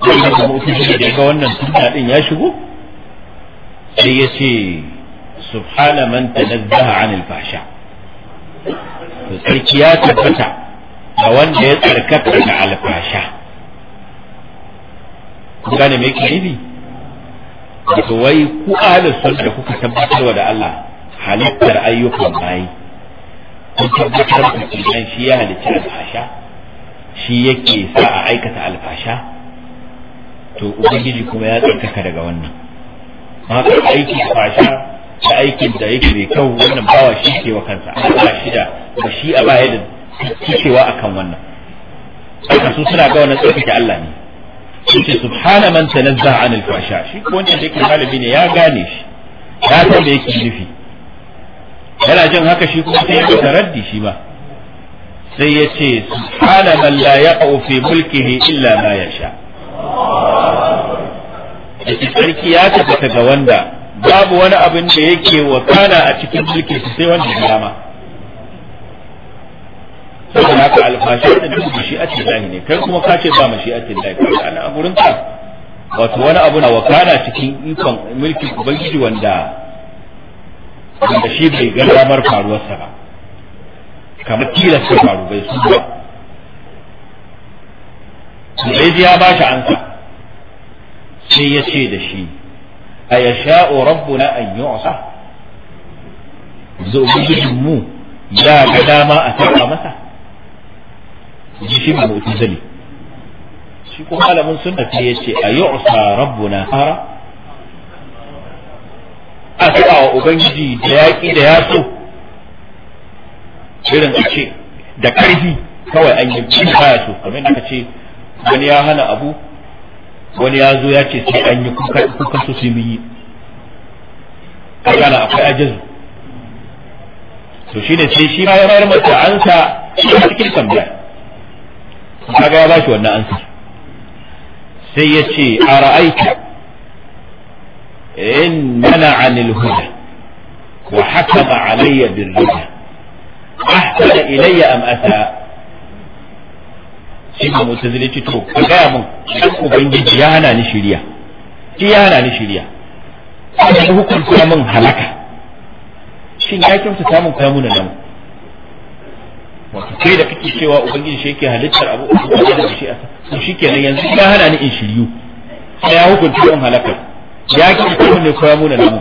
wannan mu'tazila da ga wannan sunna din ya shigo sai ya ce subhana man tanazzaha anil fahsha to sarki ya tabbata a wanda ya tsarkaka da alfasha ku gane me yake nufi wai ku ahlus da kuka tabbatarwa da Allah halittar ayyukan bayi kun tabbatar da kenan shi ya halitta alfasha shi yake sa a aikata alfasha to ubangiji kuma ya tsarkaka daga wannan ka aiki fasha da aikin da yake mai kyau wannan bawa shi ke wa kansa ba shi da ba shi a baya da cikewa akan wannan haka su suna ga wannan tsarkake Allah ne su ce subhana man tanazza an al-fasha shi ko wannan da yake malami ne ya gane shi ya san da yake nufi yana jin haka shi kuma sai ya ga raddi shi ba sai ya ce subhana man la yaqau fi mulkihi illa ma yasha Sarki ya tabbata ga wanda babu wani abin da yake wakana a cikin mulki sai wanda ya dama saboda haka alfashi da duk mashi'atin lahi ne kai kuma kace ba mashi'atin lahi kai ana a gurin ka wato wani abu na wakana cikin ikon mulkin ubangiji wanda wanda shi bai ga damar faruwarsa ba kamar tilasta faru bai su ba Ubangiji ya ba shi ansa sai ya ce da shi a ya sha'o rabbuna an yi wasa zobin ya ga dama a taɓa masa ji shi mai mutu shi ko malamin sunna ce ya ce a yi wasa rabbuna fara a taɓa wa ubangiji da yaƙi da ya so irin a ce da ƙarfi kawai an yi ba ya so kamar da ce wani ya hana abu wani ya zo ya ce sai an yi kuka su su yi kana akwai ajazu to shi ne sai shi ma ya bayar masa ansa a cikin tambaya kaga ya bashi wannan ansa sai ya ce a ra'aita in mana anil huda wa hakama alayya bil huda ahsana ilayya am asa sai ba mutazili ce to ka gaya min. dan ubangiji ya hana ni shiriya shi eh, ya hana ni shiriya sai hukunta min halaka shin ya kyautata min kamu na nan wato kai da kake cewa ubangiji shi yake halittar abu da shi a to shikenan yanzu ya hana ni in shiryu sai ya hukunta min halaka ya kyautata min kamu na nan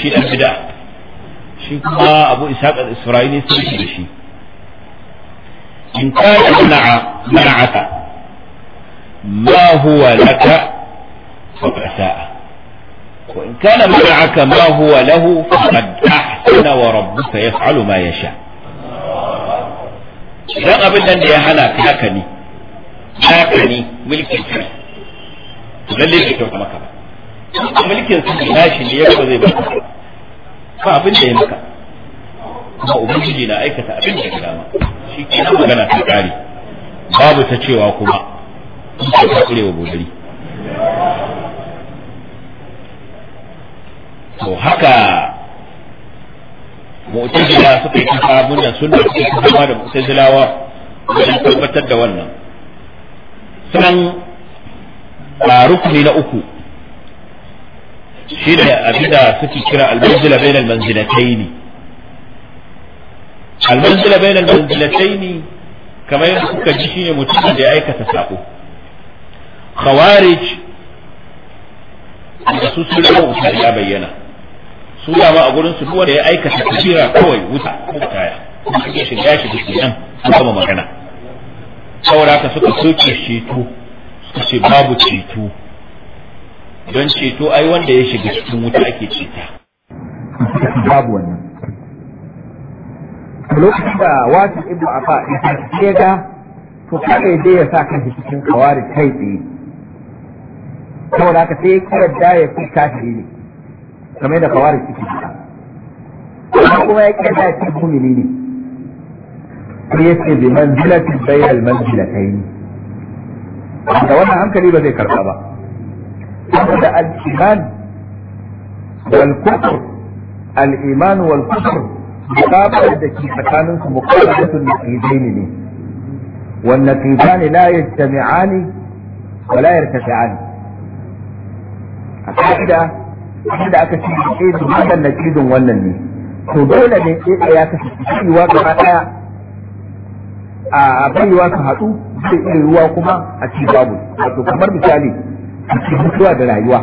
shi dan bid'a shi kuma abu ishaq al-isra'ili shi da shi إن كان منع منعك ما هو لك فقد وإن كان منعك ما هو له فقد أحسن وربك يفعل ما يشاء إذا قبل يا يهلك هكني هكني ملك الكريم تدلل لك كما كما ملك الكريم ناشي ليكوزي بك فأبن ده مكا ما أبنجينا أيكة أبن ده shi kenan magana ta ƙare babu ta cewa kuma in ce ta kurewa godari to haka mu'tazila suka yi kafa munna sunna suka yi kafa da mu'tazilawa wajen tabbatar da wannan sanan a rukuni na uku shi da abinda suke kira al-manzila bainal manzilataini almanzila bainal manzilataini kamar yadda kuka ji shine mutum da ya aikata sako khawarij da su sun rabu wuta ya bayyana su dama a gurin su duwa wanda ya aikata kabira kawai wuta ko taya ya shiga shi duk nan su kama magana saboda haka suka soke ceto suka ce babu ceto don ceto ai wanda ya shiga cikin wuta ake ceta babu wannan lokacin da wasu ibnu afa ya ga to kada dai ya sa kan cikin kawari kai tsaye saboda haka sai kira da ya fi kafiri ne kamar yadda kawari suke fita kuma ya kira da ya fi mumini ne sai ya ce biman jilatin bayan manjilatai ne da wannan hankali ba zai karba ba saboda al-iman wal-kufr al-iman wal-kufr muqabalar da ke tsakanin su muqabalatul naqidain ne wan naqidani la yajtami'ani أكيدا أكيدا yartafi'ani a ka'ida inda aka ce naqidin wannan wannan ne to dole ne sai ya kasance cewa gaba daya a baiwa ka haɗu zai iya ruwa kuma a ci babu wato kamar misali a mutuwa da rayuwa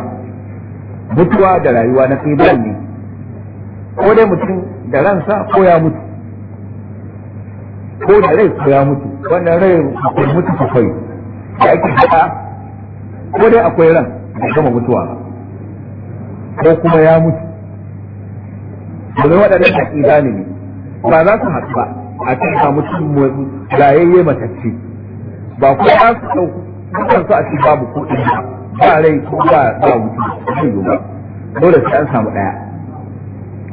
mutuwa da rayuwa na kai ne ko dai mutum da ransa ko ya mutu ko da rai ko ya mutu wannan rai akwai mutu kai da ake haka ko dai akwai ran da gama mutuwa ko kuma ya mutu domin waɗannan haƙiƙa ne ba za su haɗu ba a cikin mutu mutum rayayye matacce ba ko za su ɗauku dukan su a cikin babu ko ba rai ko ba ba mutu ba dole sai an samu ɗaya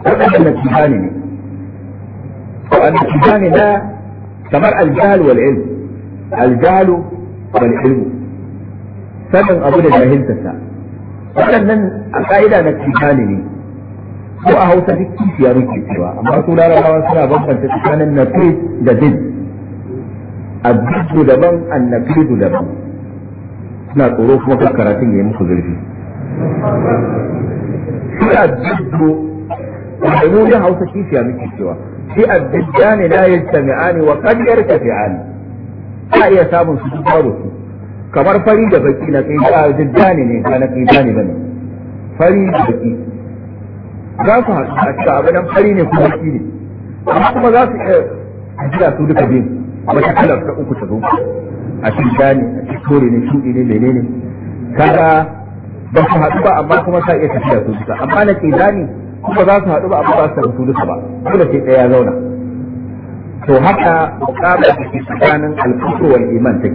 وأن التجاني وأن التجاني ده كمرأة الجهل والعلم الجهل والعلم sanin abu da jahiltarsa waɗannan a ƙa'ida na tsakani ne ko a hausa duk kishiya muke cewa amma su larabawa suna bambanta tsakanin nafis da din abdu daban annabidu daban suna tsoro kuma kan karatun ya yi muku zurfi shi abdu da mu da Hausa kishiya muke cewa shi addidani la yajtami'ani wa qad yartafi'ani ka iya samun su babu su kamar fari da baki na kai ka diddani ne ba na kai bane fari da baki za ku haɗu a abu nan fari ne kuma baki ne amma kuma za su iya jira su duka biyu wata kalar ta uku ta zo a cikin dani a cikin kore ne shuɗi ne menene kaga ba su haɗu ba amma kuma sa iya tafiya su duka amma na kai dani kuma za su haɗu ba a ba su rubutu duka ba dole sai ɗaya ya zauna to haka muƙabar da ke tsakanin alfusu wal iman take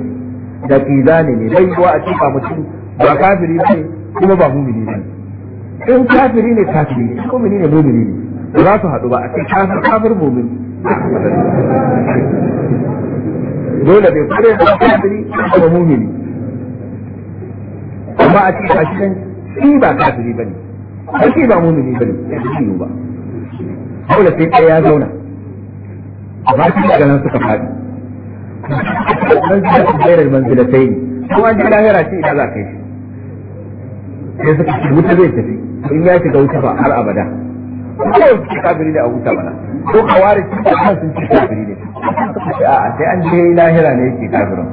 da kizani ne bai zuwa a cika mutum ba kafiri ba ne kuma ba mumini ba ne. in kafiri ne kafiri ne mumini ne mumini ne za su haɗu ba a ce kafir kafir mumin dole bai kure ba kafiri kuma mumini amma a cika shi ba kafiri ba ne har shi ba mumini bane shi ba haula sai ɗaya ya zauna amma shi daga nan suka faɗi manzila su bayar manzilatai ne kuma an ji lahira shi ina za ka yi sai suka ce wuta zai tafi in ya shiga wuta ba har abada kawai su ce kafiri da a wuta bana. ko kawari su ce kan sun shi kafiri ne a'a sai an je lahira ne yake kafirin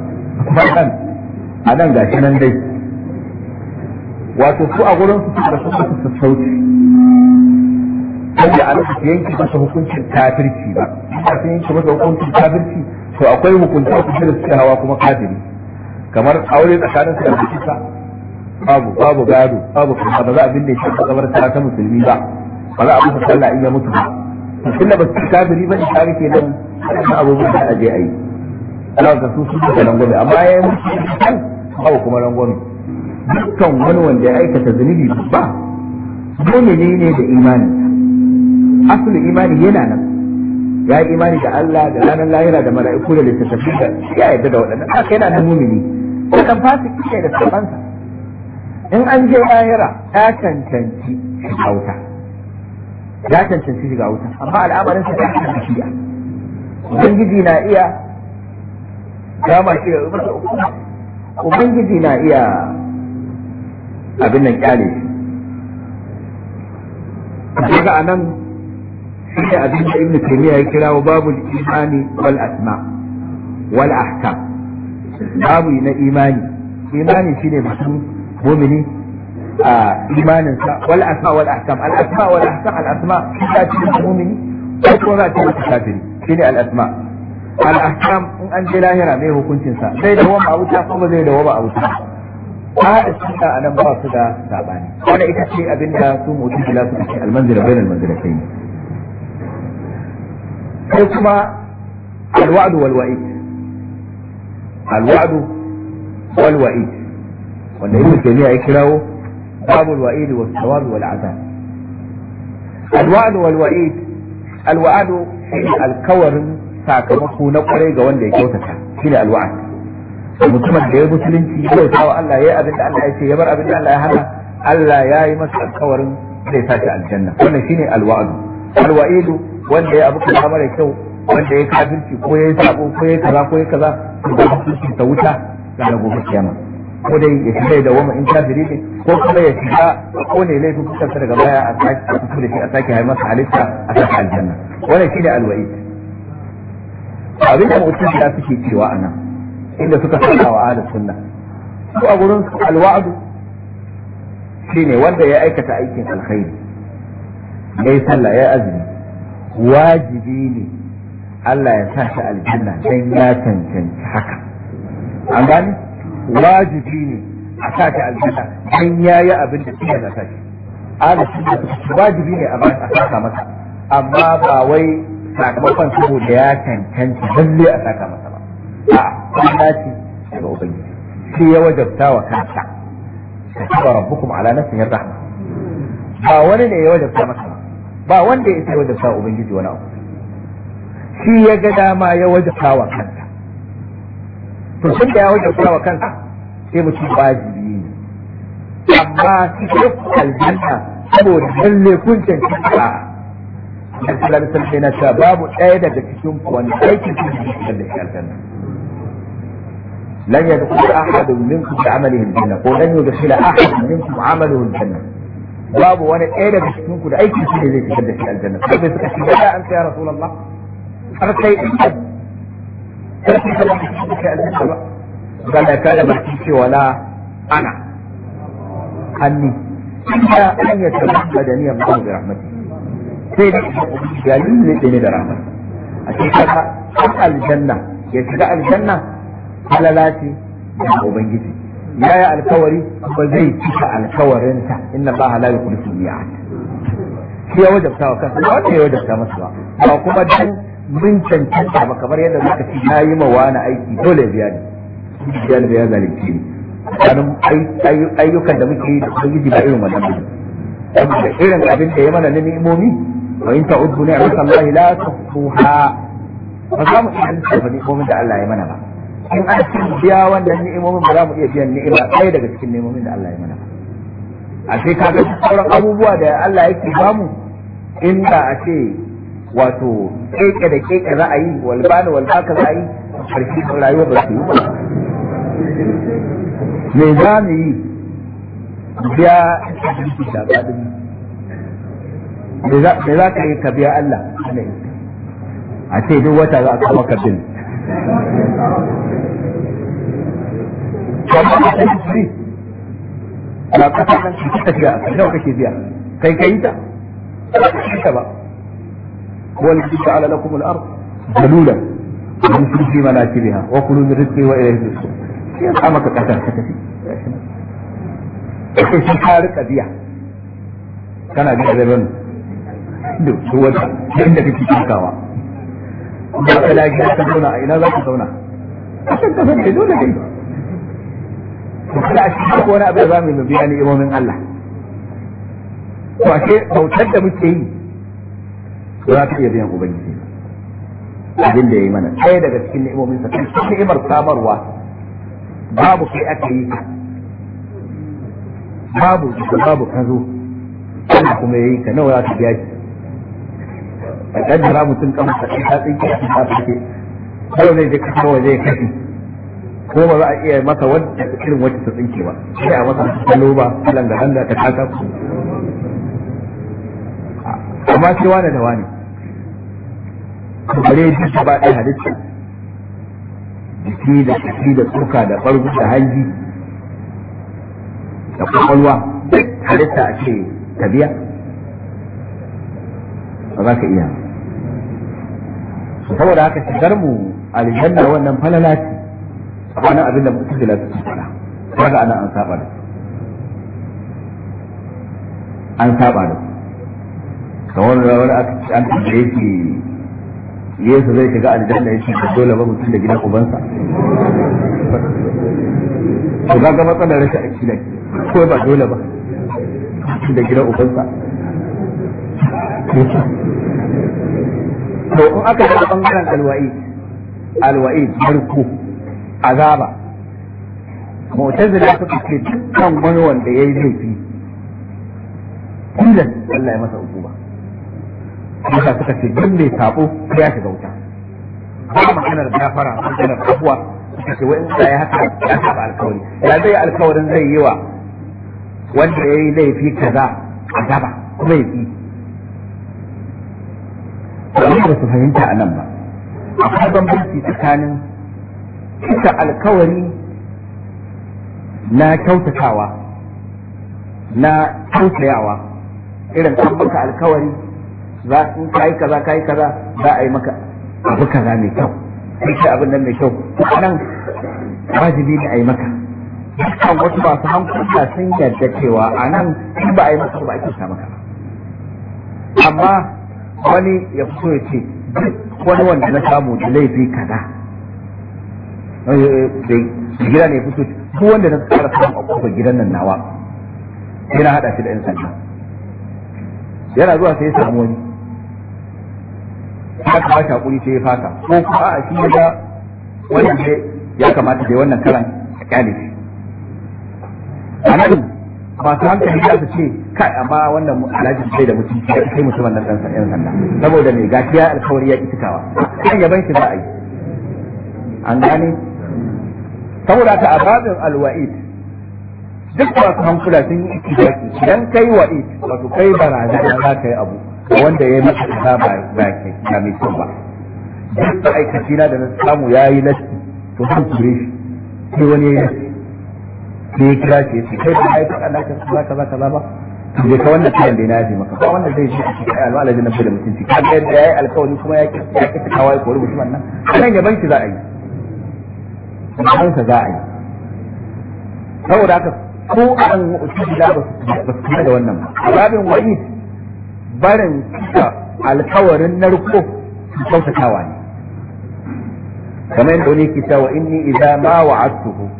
ba kan a nan gashi nan dai wato su a gurin su da su su sassauci wanda a lokacin yanki masa hukuncin kafirci ba a sun yanki masa hukuncin kafirci to akwai hukunta su da suke hawa kuma kafiri kamar aure tsakanin su da kisa babu babu gado babu kuma ba za a binne shi a kamar ta musulmi ba ba za a musu sallah in ya mutu ba tun da ba su kafiri ba ne kare ke nan na abubuwan da aje a yi Allah ka su su da rangwame amma ya yi mutu babu kuma rangwame dukkan wani wanda ya aikata zunubi ba mu'mini ne da imani asali imani yana nan ya yi imani da Allah da ranar lahira da mala'iku da littattafi da ya yarda da waɗannan haka yana nan mu'mini ko kan fasiki ne da sabansa in an je lahira ya cancanci shiga wuta ya cancanci shiga wuta amma al'amarin sa ya cancanci shiga ubangiji na iya dama shi da ubangiji na iya abin nan kyale shi daga anan shi ne abin da ibnu taymiya ya kira wa babu imani wal asma wal ahkam babu na imani imani shine mutum mu'mini a imanin sa wal asma wal ahkam al asma wal ahkam al asma shi ta ce mu'mini ko ko za ta ce kafiri shine al asma al ahkam in an je lahira mai hukuncin sa sai da wama abuta ko kuma zai da wama abuta a'a sunna anan ba su da sabani wanda ita ce abinda su mu'tazila su ce almanzila bayan almanzilatayn sai kuma alwa'd wal wa'id alwa'd wal wa'id wanda ibnu taymiya ya kirawo babu alwa'id was thawab wal azab alwa'd wal wa'id alwa'd shi alkawarin sakamako na kwarai ga wanda ya kyautata shine alwa'd mutumin da ya musulunci ya bauta wa Allah ya yi abin da Allah ya ce ya bar abin da Allah ya hana Allah ya yi masa alkawarin zai sace aljanna wannan shine alwa'du alwa'idu wanda ya abu kaza mara kyau wanda ya kafirci ko ya yi sabo ko ya yi kaza ko ya kaza to ta wuta ranar gobe kiyama ko dai ya shiga da wani in kafiri ne ko kuma ya shiga ko ne laifin kusansa daga baya a sake a fito da shi a sake haimar halitta a sake aljanna wannan shine alwa'id abin da mutum ya suke cewa a nan inda suka saka wa ahlus sunna su a gurin su alwa'du shine wanda ya aikata aikin alkhairi yayi sallah ya azumi wajibi ne Allah ya sa shi aljanna dan ya cancanci haka an gani wajibi ne a sa shi aljanna dan yayi abin da suka da shi ahlus sunna wajibi ne a ba a saka masa amma ba wai sakamakon saboda ya cancanta lalle a saka masa a ce daga ubangiji shi ya wajabta wa kansa kutiba rabbukum ala nafsin rahma ba wani ne ya wajabta masa ba wanda ya sai wajabta ubangiji wani abu shi ya ga dama ya wajabta wa kansa to tun da ya wajabta wa kansa sai mu ci wajibi ne amma cikin aljanna saboda lalle kun cancanta da sallallahu alaihi na yana babu ɗaya daga cikin ku wani aikin da yake da aljanna لن يدخل احد منكم بعمله الجنه ولن يدخل احد منكم عمله الجنه باب وانا ايه ده مش ممكن اي شيء زي تحدث في الجنه طب انت انت يا رسول الله انا سيء قال لا كان بحكيش ولا انا اني الا ان يتمحمدني الله برحمته سيد جليل لدني برحمته الشيخ قال الجنه يتدعى الجنه halala ce da ubangiji ya yi alkawari ba zai cika alkawarinsa inna ba la yukhlifu al-mi'ad shi ya wajabta wa kansa ba wanda ya wajabta masa ba ba kuma dan mun cancanta ba kamar yadda muka ci na yi ma wani aiki dole ya biya ni biya ni biya zalunci ne ayyukan da muke yi da ubangiji ba irin wannan biyu. saboda irin abin da ya mana na ni'imomi wa in ta'uddu ni'matallahi la tuhsuha ba za mu iya lissafa ni'imomin da Allah ya mana ba in an cikin biya wannan ni'imomin ba za mu iya biyan ni'ima ɗaya daga cikin ni'imomin da Allah ya mana a sai kaga sauran abubuwa da Allah yake In inda a ce wato keke da keke za a yi walbani walbaka za a yi rayuwa ba su yi me za mu yi biya da shafaɗin me za ka yi ka biya Allah a ce duk wata za a kama ka bin kamar da nan ta shiga a nawa kake biya kai ta ba ka ta ba dalula wa kulu wa ilayhi maka ka tafi shi ka biya kana biya duk wata inda kake kinkawa ba ka lafiya ka zauna a ina za ka zauna a kan kasan kai dole kai to kada a cikin ko wani abu da za mu biya ni imomin Allah to ashe bautar da muke yi ba za ka iya biyan ubangiji abin da ya yi mana ɗaya daga cikin ni'imomin sa cikin ni'imar samarwa babu kai aka yi babu da babu ka zo kuma yi ka nawa za ka biya ki a kaddara mutum kan mutum ta tsinke a cikin take kawai zai je kasa waje ya kashi ko ba za a iya masa wadda irin wacce ta tsinke ba sai a masa kalo ba kalan da hanga ta kaka amma sai wani da wani bare duk ba ɗaya halitta jiki da jiki da tsoka da ɓargu da hanji da kwakwalwa halitta a ce tabiya ba za ka iya ba. saboda haka shigar mu aljanna wannan falala ce wannan abin da mutum da lafiya fara kaga ana an saba da an saba da kamar da wani aka an tambaye shi Yesu zai shiga aljanna yake da dole ba mutum da gidan ubansa to kaga matsalar rashin aiki ne ko ba dole ba da gidan ubansa to in aka ga bangaren alwa'i alwa'i barko azaba mu'tazila suka ce dukkan wani wanda yayi laifi kullum Allah ya masa hukuma Musa suka ce duk mai sabo ya shiga wuta ba maganar gafara da abuwa suka ce wai sai ya haka ya saba alkawari ya zai alkawarin zai yi wa wanda ya yi laifi kaza azaba kuma ya yi domin ba su fahimta a nan ba akwai bambanci tsakanin cika alkawari na kyautatawa na kyautayawa irin an maka alkawari za in ka yi kaza ka yi kaza za a yi maka abu kaza mai kyau sai shi abin nan mai kyau nan wajibi ne a yi maka dukkan wasu masu hankula sun yarda cewa a nan in ba a yi maka ba ake sa maka amma wani ya fito ya ce duk wani wanda na samu da laifi kaza eh, eh, da gida ne fito duk wanda na tsara samu a gidan nan nawa yana hada shi da yan sanda yana zuwa sai ya samu wani ya kamata kuri sai ya fata ko kuma a shi ya wani ya kamata da wannan karan a kyale shi masu hankali ya su ce kai amma wannan alhaji sai da mutum ya kai mutumin nan dan yan sanda saboda me gaskiya alkawari ya ki cikawa kan ya shi za a yi an gane saboda ta ababin alwa'id duk masu hankula sun yi ikidaki idan kai wa'id wato kai da za ka yi abu wanda ya yi maka ta ba ba mai kyau ba duk aikaci na da na samu ya yi nasi to sun ture shi sai wani ya yi nasi sai kira ke ce kai ba ai faɗa da kaza kaza kaza ba je ka wannan kiran da ya yaji maka ba wannan zai ji a cikin ayyuka alaji na da mutunci ka ga yadda yayi alkawari kuma ya ki ya ki kawo ya kori mutumin nan nan yaban shi za a yi nan ka za a yi saboda haka ko an mu'tazila ba su da wannan ba babin wa'id barin kika alkawarin narko kautatawa ne kamar yadda wani ke cewa inni idza ma wa'adtuhu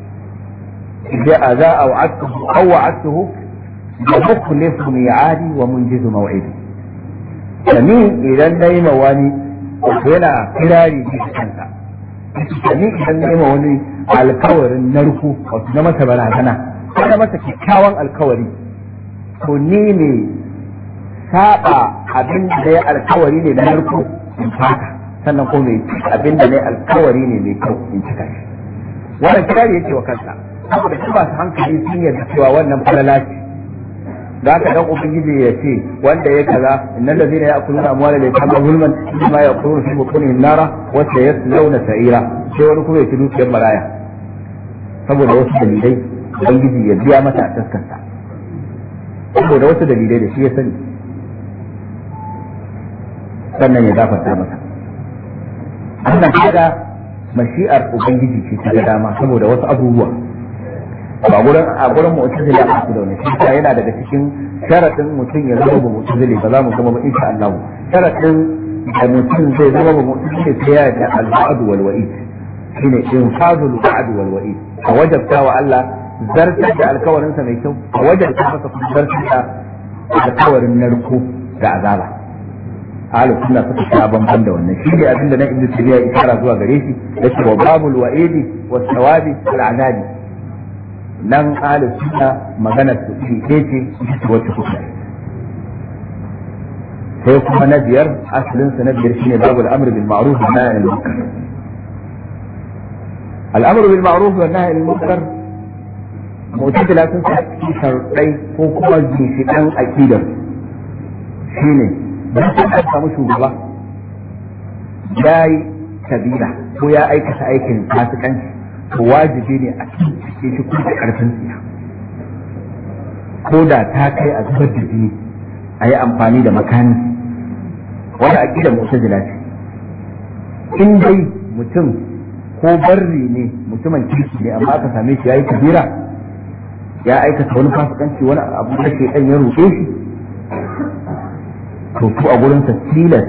جاء ذا أو عدته أو وعدته مخلف ميعادي ومنجز موعدي سمين إذا ناي مواني وينا كراري في كانتا سمين إذا ناي مواني الكور نرفو وتنمى تبلا هنا أنا متى كاوان الكوري تنيني saba abin da ya alkawari ne na narko in fata sannan ko mai abin da ne alkawari ne mai kyau in cika shi wannan kirari yake wa kansa saboda shi su hankali sun yarda cewa wannan falala ce da ka dan ubangiji ya ce wanda ya kaza innal ladina ya'kuluna amwala la yatama zulman ma ya'kuluna fi butunihim nara wa launa sa'ira sai wani kuma ya ci dukiyar maraya saboda wasu dalilai ubangiji ya biya mata a taskanta saboda wasu dalilai da shi ya sani sannan ya gafarta mata wannan kaga mashi'ar ubangiji ce ta dama saboda wasu abubuwa a gurin a gurin mu'tazili a su da wani shi yana daga cikin sharaɗin mutum ya zama ba mu'tazili ba za mu zama ba insha Allah sharaɗin da mutum zai zama ba mu'tazili sai ya da al-ba'd wal wa'id shine infadul ba'd wal wa'id a wajabta wa Allah zartar da sa mai kyau a wajabta masa kuma zartar da alkawarin narko da azaba ahlu sunna suka sha bamban da wannan shi ne abinda na ibnu tabiya isara zuwa gare shi da wa babul wa'idi was thawabi wal azabi nan ahlus sunna magana su iri ce wacce kuka sai kuma na biyar asalin sa na biyar shine babu al'amr bil ma'ruf wa nahy anil munkar al'amr bil ma'ruf wa nahy anil munkar mu'tazila sun sa sharuɗai ko kuma ginshiƙan aqidar shine dan ka samu shugaba yayi kabila ko ya aikata aikin fasikanci wajibi ne a cikin shi kuma ƙarfin siya. ko da ta kai a zubar da jini a yi amfani da makami wani aƙidar mutajila ce in dai mutum ko barri ne mutumin kirki ne amma aka same shi ya yi kabira ya aikata wani fasikanci wani abu da ke ɗan ya rufe shi to a gurin tilas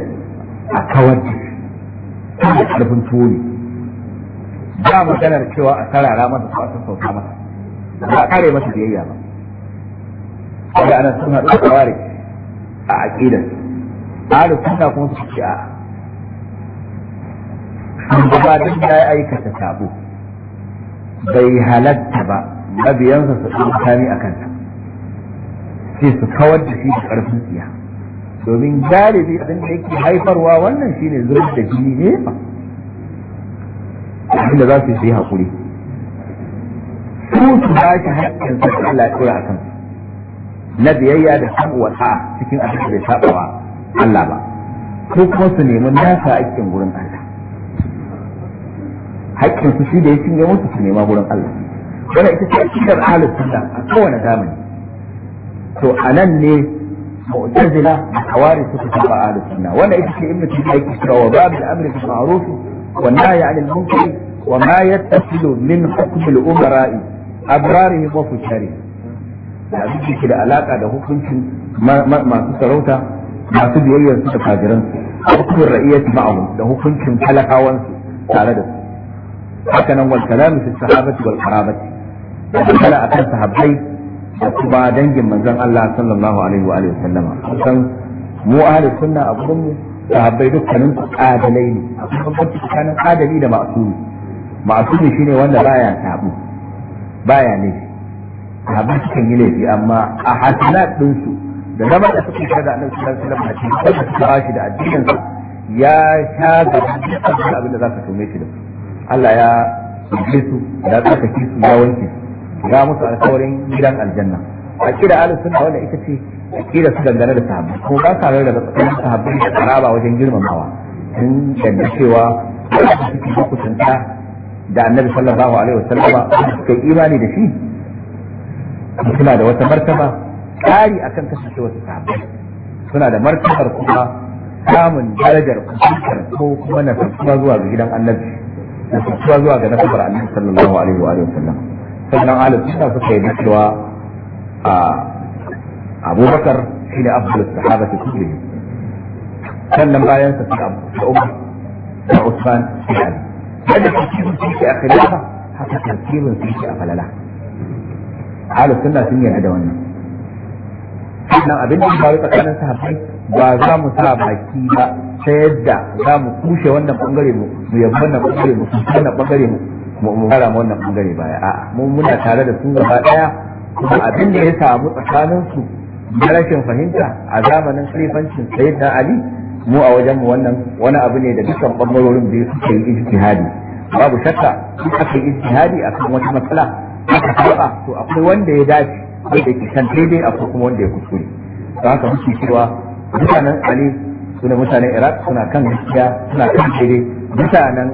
a kawar da ƙarfin tuwo ne ba maganar cewa a sarara masa ko a sassauta masa ba a kare masa biyayya ba kaga ana suna da tsawari a aqidar ahli sunna kuma su ce a ba duk ya aikata sabo bai halatta ba mabiyansa su ɗan kami a kanta sai su kawar da shi da ƙarfin tsiya domin galibi abin da yake haifarwa wannan shine zubar da jini ne abinda za su yi hakuri su su ba shi haƙƙin sa da Allah ya tsora akan na biyayya da sabuwar ha cikin abin da bai saba wa Allah ba ko kuma su nemi nasa haƙƙin gurin Allah haƙƙin su shi da ya cinye musu su nema gurin Allah wannan ita ce akidar ahlus sunna a kowane zamani to anan ne mu'tazila da hawari suka saba ahlus sunna wannan ita ce ibnu tayyib yake cewa babul amri bil ma'ruf والنهي عن المنكر وما يتصل من حكم الأمراء أبرارهم وفجارهم da ke da alaka da hukuncin masu sarauta masu biyayyar su da fajiran su hukumin ra'iyyat ma'ahu da hukuncin talakawan su tare da su haka nan wal kalamu fi sahabati wal qarabati da kala akan sahabbai da kuma dangin manzon Allah sallallahu alaihi wa alihi wasallama san mu ahli sunna a gurin mu sahabbai dukkanin su kadalai ne kuma bambanci tsakanin kadali da ma'asumi ma'asumi shine wanda baya tabu baya ne sahabbai cikin yi laifi amma a hasanat din su da zama da suke shaga annabi sallallahu alaihi wasallam a cikin da suka bashi da addinin su ya ga dukkan abin da zaka tume shi da Allah ya yi su ya tsaka su ya wanke ga musu alƙawarin gidan aljanna akida kira ahlus sunna wanda ita ce akida su dangane da sahabbai ko ba sa da tsakanin sahabbai da karaba wajen girmamawa in danda cewa suke kusanta da annabi sallallahu alaihi wasallam suka kai imani da shi suna da wata martaba kari akan kasance wasu sahabbai suna da martabar kuma samun darajar kusantar ko kuma na kuma zuwa ga gidan annabi na kuma zuwa ga nasabar annabi sallallahu alaihi wa sallam sannan ahlus sunna suka yi cewa Abu Bakar shi ne abdul sahaba ta kulle sannan bayan sa da umar da usman da ali yadda tafsirin sun ke a khilafa haka tafsirin sun ke a falala ahlu suna sun yarda da wannan sannan abin da ya faru tsakanin sahabbai ba za mu sa baki ba ta yadda za mu kushe wannan bangare mu mu yabi wannan bangare mu kushe wannan bangare mu mu fara wannan bangare baya a'a mu muna tare da sun gaba daya kuma abin da ya samu tsakaninsu na rashin fahimta a zamanin khalifancin sayyid na ali mu a wajenmu wannan wani abu ne da dukkan bangarorin da suka yi ijtihadi babu shakka in aka yi ijtihadi akan wata matsala aka saba to akwai wanda ya dace wanda ke kan daidai akwai kuma wanda ya kuskure don haka muke cewa mutanen ali suna mutanen iraq suna kan gaskiya suna kan daidai mutanen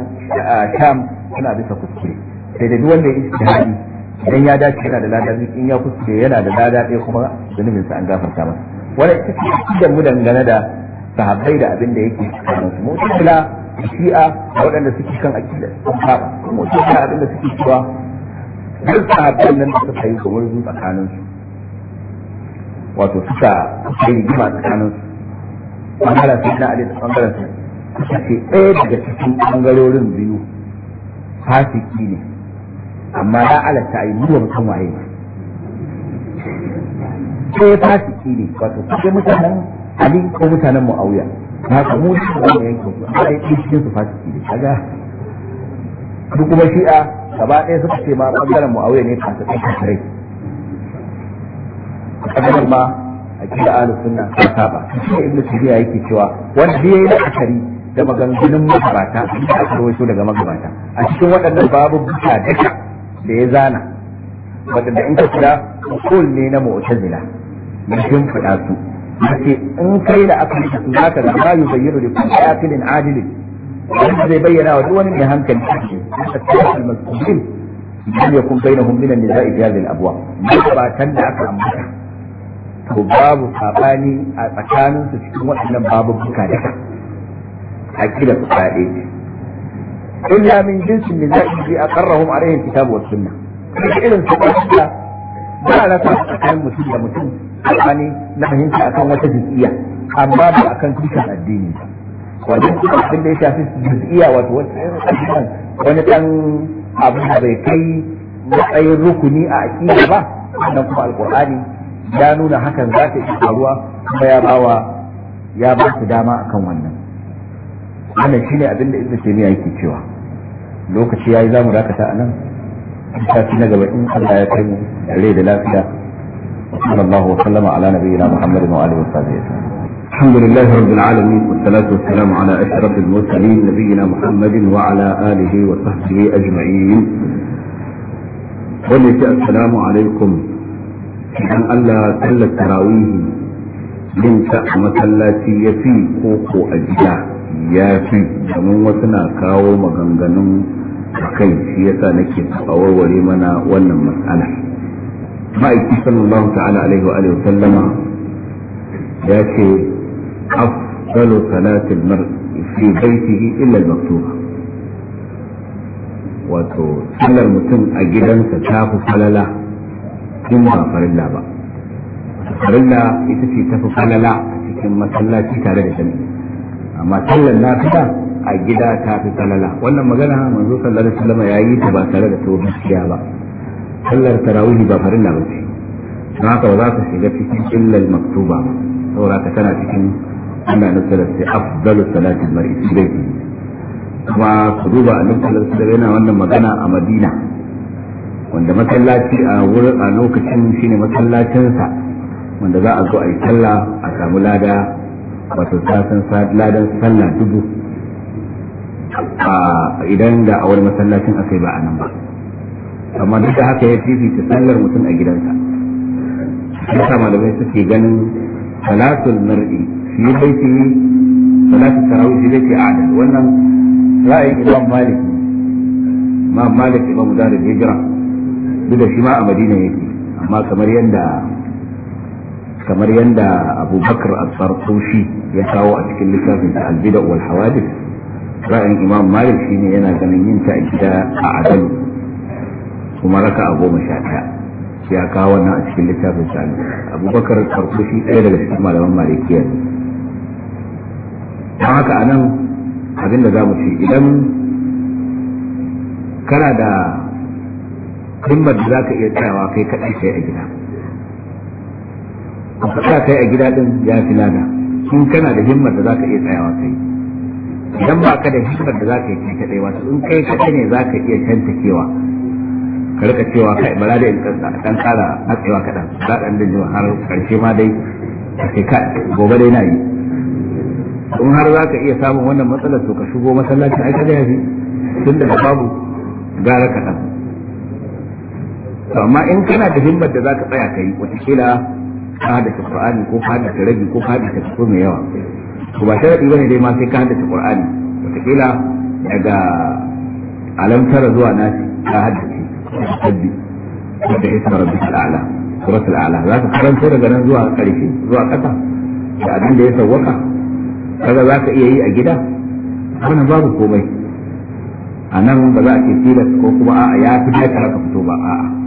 ah, sham suna bisa kuskure sai da duk wanda ya ijtihadi idan ya dace yana da lada biyu in ya kuskure yana da lada ɗaya kuma zunubin sa an gafarta masa wannan ita ce da mu dangane da sahabbai da abin da yake cikin su mutula shi'a da waɗanda suke kan aqida sun saba mutula abin da suke cewa duk sahabban nan suka yi ga wurin tsakanin su wato suka yi rigima tsakanin su bangaren su na alif bangaren su suka ce ɗaya daga cikin bangarorin biyu fasiki ne amma ya halatta a yi ba mutum waye ba sai fasiki ne wato sai mutanen ali ko mutanen mu'awiya na ka mu su wani yankin su a yi cikin su fasiki ne kaga duk kuma shi'a gaba ɗaya suka ce ma ɓangaren mu'awiya ne kasa ɗan kasarai ɓangaren ma a kira alu sunna ta saba shi ibnu tabiya yake cewa wanda ya yi la'akari da maganganun magabata a cikin aka rawaito daga magabata a cikin waɗannan babu buka daka da ya zana wadanda in ka kula kun ne na mu'tazila ya fada su yace in kai da aka yi su zaka da ma yubayyinu da ya aqilin adil wanda zai bayyana wa duk wani mai hankali shi al mas'ulin idan kun bayyana min an-niza'i fi hadhihi al-abwa mabatan da aka ambata to babu sabani a su cikin waɗannan babu buka da aqida su kaɗai إلا من جنس النزاع الذي أقرهم عليه الكتاب والسنة إذن سؤالك ba na ta tsakanin mutum da mutum tsakani na fahimta akan wata jiz'iyya amma ba akan tushen addini wannan kuma abin da ya shafi jiz'iyya wato wani dan abu da bai kai matsayin rukuni a aƙida ba wannan kuma alƙur'ani ya nuna hakan za ta iya faruwa kuma ya ya ba su dama akan wannan wannan shine abin da ibnu taymiya yake cewa lokaci yayi zamu dakata anan sati na gaba in Allah ya kai mu rai da lafiya sallallahu wa sallama ala nabiyyina muhammadin wa alihi wa sahbihi الحمد لله رب العالمين والصلاة والسلام على أشرف المرسلين نبينا محمد وعلى آله وصحبه أجمعين ولك السلام عليكم أن ألا تل التراويح من مسلاتي يفي كوكو أجيال ya fi domin wasu na kawo maganganun a kai shi yasa nake a mana wannan matsala ma'aiki sallallahu ta'ala alaihi wa alihi sallama ya ce afdalu salatil mar'i fi baitihi illa al-maktuba wato sallar mutum a gidansa ta fi falala in ba farilla ba farilla ita ce ta fi falala cikin masallaci tare da jami'i amma sallar na nafila a gida ta fi salala wannan magana manzo sallallahu alaihi wasallam yayi ta ba tare da tawfiya ba sallar tarawih ba farin ba ce don haka ba za ka shiga cikin illal maktuba ba saboda ka tana cikin ana nasarar sai afdalu salatin mar'i sai kuma ku duba annabi sallallahu alaihi yana wannan magana a Madina wanda masallaci a wurin a lokacin shine masallacinsa wanda za a zo a yi sallah a samu lada wato kasan ladan sallah dubu idan da a wani masallacin akai ba a nan ba amma duk da haka ya fifita sallar mutum a gidansa yasa malamai suke ganin salatul mar'i fi baiti salatul tarawih fi baiti adal wannan ra'ayin imam malik imam malik imam darul hijra duk da shi ma a madina yake amma kamar yadda kamar yadda abubakar al-sarkushi ya kawo a cikin littafin ta albida wal hawadis ra'ayin imam malik shine yana ganin yin ta a gida a adalu kuma raka a goma sha ya kawo wannan a cikin littafin ta abubakar al-sarkushi ɗaya daga cikin malaman malikiya don haka anan abin da za mu ce idan kana da himmar da za ka iya tsayawa kai kaɗai kai a gida ka sa kai a gida din ya fi lada in kana da himmar da za ka iya tsayawa kai idan ba ka da himmar da za ka yi kai wato in kai kadai ne za ka iya tantakewa ka rika cewa kai bara da dan kara hatsewa kadan za ka dan jiwa har karshe ma dai kai ka gobe dai na yi in har za ka iya samun wannan matsalar to ka shigo masallaci ai kada yafi tun da babu gara kadan to amma in kana da himmar da za ka tsaya kai wata kila ka haddace qur'ani ko ka haddace rabi ko ka haddace kaso mai yawa to ba sharadi bane dai ma sai ka haddace qur'ani wataƙila daga alamtara zuwa nasi ka haddace sabbi da isma rabbi al'ala suratul al'ala za ka karanto daga nan zuwa ƙarshe zuwa ƙasa da abin da ya sawwaka kaga za ka iya yi a gida wannan babu komai a nan ba za a ce tilas ko kuma a'a ya fi dace haka fito ba a'a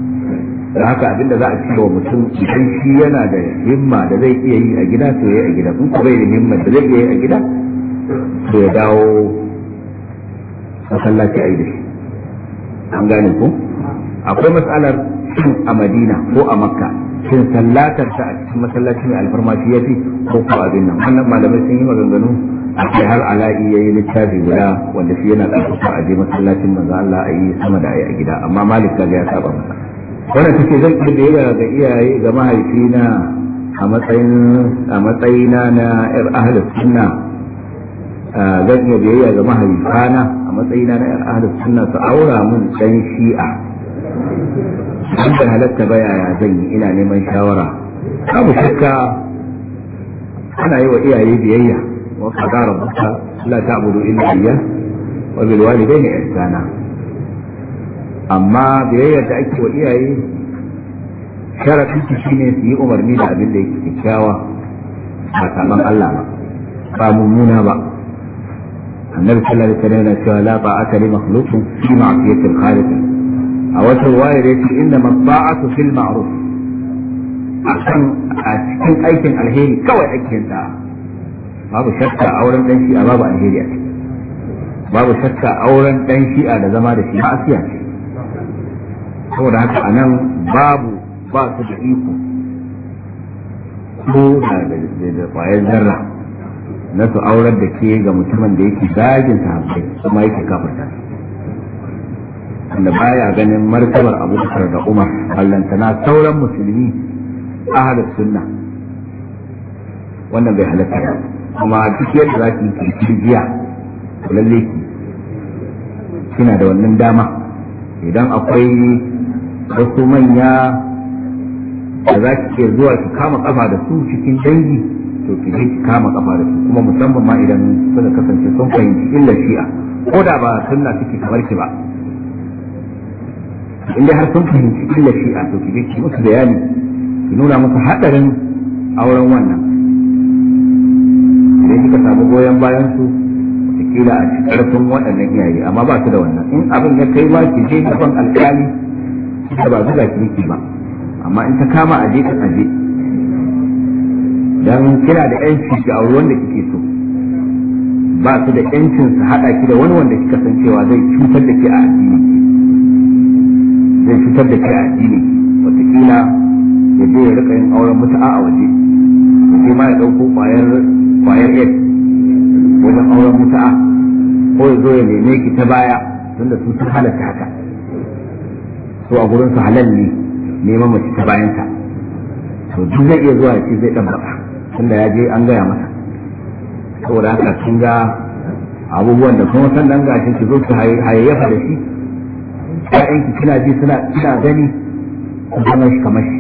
da haka abin da za a cewa mutum idan shi yana da himma da zai iya yi a gida to ya yi a gida in ko bai da himma da zai iya yi a gida to ya dawo masallaci a yi da an gane ko akwai matsalar shin a madina ko a makka shin sallatar ta a cikin masallaci mai alfarma shi ya fi ko ko abin nan wannan malamai sun yi maganganu a kai har ala'i ya yi littafi guda wanda shi yana ɗaukaka a je masallacin manzo Allah a yi sama da a yi a gida amma malik ga ya saba masa wannan take zan kirga ga iyaye ga mahaifina a matsayin a matsayina na yar ahli sunna zan iya biyayya ga mahaifana a matsayina na yar ahli sunna su aura mun dan shi'a an da halatta ba zan yi ina neman shawara abu shakka ana yi wa iyaye biyayya wa qadara rabbuka la ta'budu illa iyyah wa bil walidayni ihsana amma biyayyar da ake wa iyaye sharafi shi ne su yi umarni da abin da yake kyakkyawa ba saman Allah ba ba mummuna ba annabi sallallahu alaihi wasallam yana cewa la ba'ata li makhluqin fi ma'siyatil khaliq a wata riwaya da yake inda maba'atu fil ma'ruf akan a cikin aikin alheri kawai aikin da babu shakka auren dan shi'a babu alheri babu shakka auren dan shi'a da zama da shi ma'asiya ce saboda haka a nan babu ba su da iko ko da kwayar zarra na su aurar da ke ga mutumin da yake zagin sahabbai kuma yake kafarta wanda baya ganin martabar abubakar da umar allantana sauran musulmi halar sunna wannan bai halatta kuma duk yadda za ki yi kirgiya lalle kina da wannan dama idan akwai wasu manya da za ki iya zuwa ki kama kafa da su cikin dangi to ki je ki kama kafa da su kuma musamman ma idan suka kasance sun fahimci illa shi'a ko da ba sunna suke kamar ki ba in dai har sun fahimci illa shi'a to ki je ki musu bayani ki nuna musu hadarin auren wannan idan kika samu goyon bayan su kila a karfin waɗannan iyaye amma ba su da wannan in abin ya kai ma ki je gaban alƙali ita ba zuga shi yake ba amma in ta kama aje ka aje dan kira da yanci ga aure wanda kike so ba su da yancin su hada ki da wani wanda kika san cewa zai cutar da ke a addini zai cutar da ke a addini wataƙila ya je ya rika yin auren mutu'a a waje sai ma ya ɗauko ƙwayar ƙwayar wajen auren mutu'a ko ya zo ya neme ki ta baya tunda su ta halatta haka su a gurin su halal ne neman mace ta bayan ta to duk zai iya zuwa shi zai dan barka tunda ya je an gaya masa saboda haka kun ga abubuwan da kuma san dan gashi ki zo ki hayayyafa da shi ƴaƴanki kina ji suna kina gani zama shi kamar shi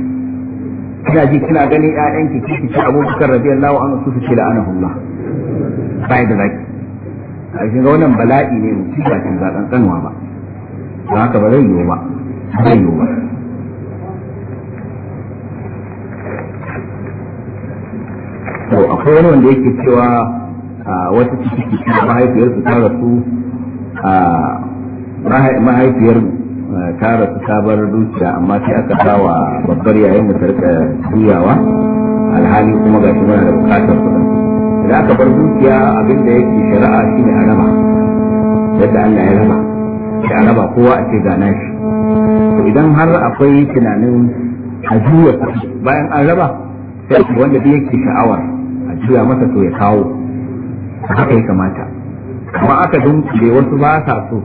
kina ji kina gani ƴaƴanki kiki ci abubakar radiyallahu anhu su su da la'anahullah bai da zaki a ga wannan bala'i ne musiba ce ba kankanwa ba don haka ba zai yiwu ba zai to akwai wani wanda yake cewa wata ciki ta mahaifiyar su ta rasu mahaifiyar ta rasu bar dukiya amma sai aka sawa babbar yayin mu ta rika juyawa alhali kuma gashi muna da bukatar kuɗin idan aka bar dukiya abin da yake shari'a shine a raba yadda Allah ya raba shi a raba kowa a ce ga nashi idan har akwai tunanin a juya bayan an raba sai wanda bai yake sha'awar a juya masa to ya kawo haka ya kamata amma aka dunkule wasu ba sa so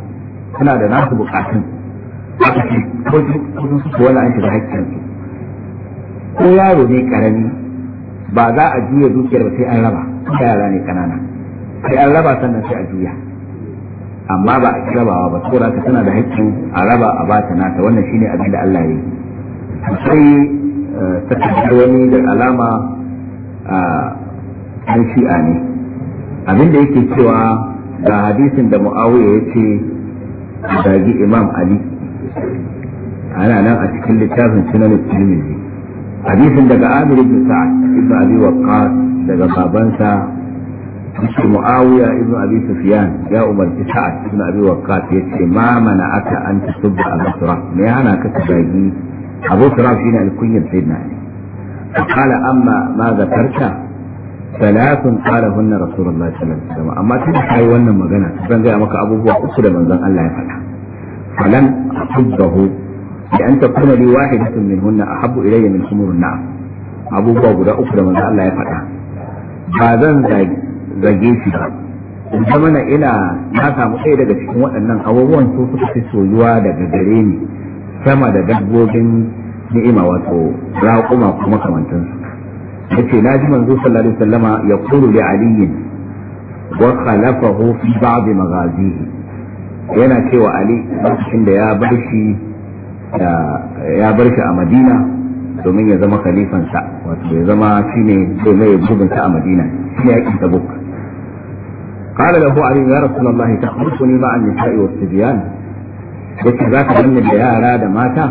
suna da nasu bukatun aka ce ko su wani an shiga hakkin su ko yaro ne karami ba za a juya dukiyar ba sai an raba yara ne kanana sai an raba sannan sai a juya amma ba a rabawa ba saboda ka tana da haƙƙin a raba a bata nata wannan shine abin da Allah ya yi sai eh, ta tabbatar wani da alama a an shi'a ne abin da yake cewa ga hadisin da mu'awiya ya ce zagi imam ali ana nan a cikin littafin sunan tirmidhi hadisin daga amir ibn sa'ad ibn abi waqqas daga babansa yace muawiya ibn abi sufyan ya umarci sa'ad ibn abi waqqas yace ma mana aka an tusubba abu turab me yana ka tabagi abu turab shine alkunyar sayyidina ali qala amma ma zakarta ثلاث قالهن رسول الله صلى الله عليه وسلم amma tun kai wannan magana zan ga maka abubuwa uku da manzon Allah ya faɗa falan hubbahu li an takuna li wahidatun minhunna ahabbu ilayya min humurun na'am abubuwa guda uku da manzon Allah ya faɗa ba zan zage shi ba in zama mana ina na samu ɗaya daga cikin waɗannan abubuwan su suka fi soyuwa daga gare ni sama da dabbobin ni'ima wato raƙuma kuma kamantansu ce na ji manzo sallallahu alaihi ya kuru da aliyin wa khalafahu fi ba'd maghazihi yana cewa ali lokacin da ya bar shi a madina domin ya zama khalifansa wato ya zama shine zai mai bugunta a madina shine yakin tabuk قال له علي يا رسول الله تخلفني مع النساء والصبيان يكي ذاك da يا أراد ماتا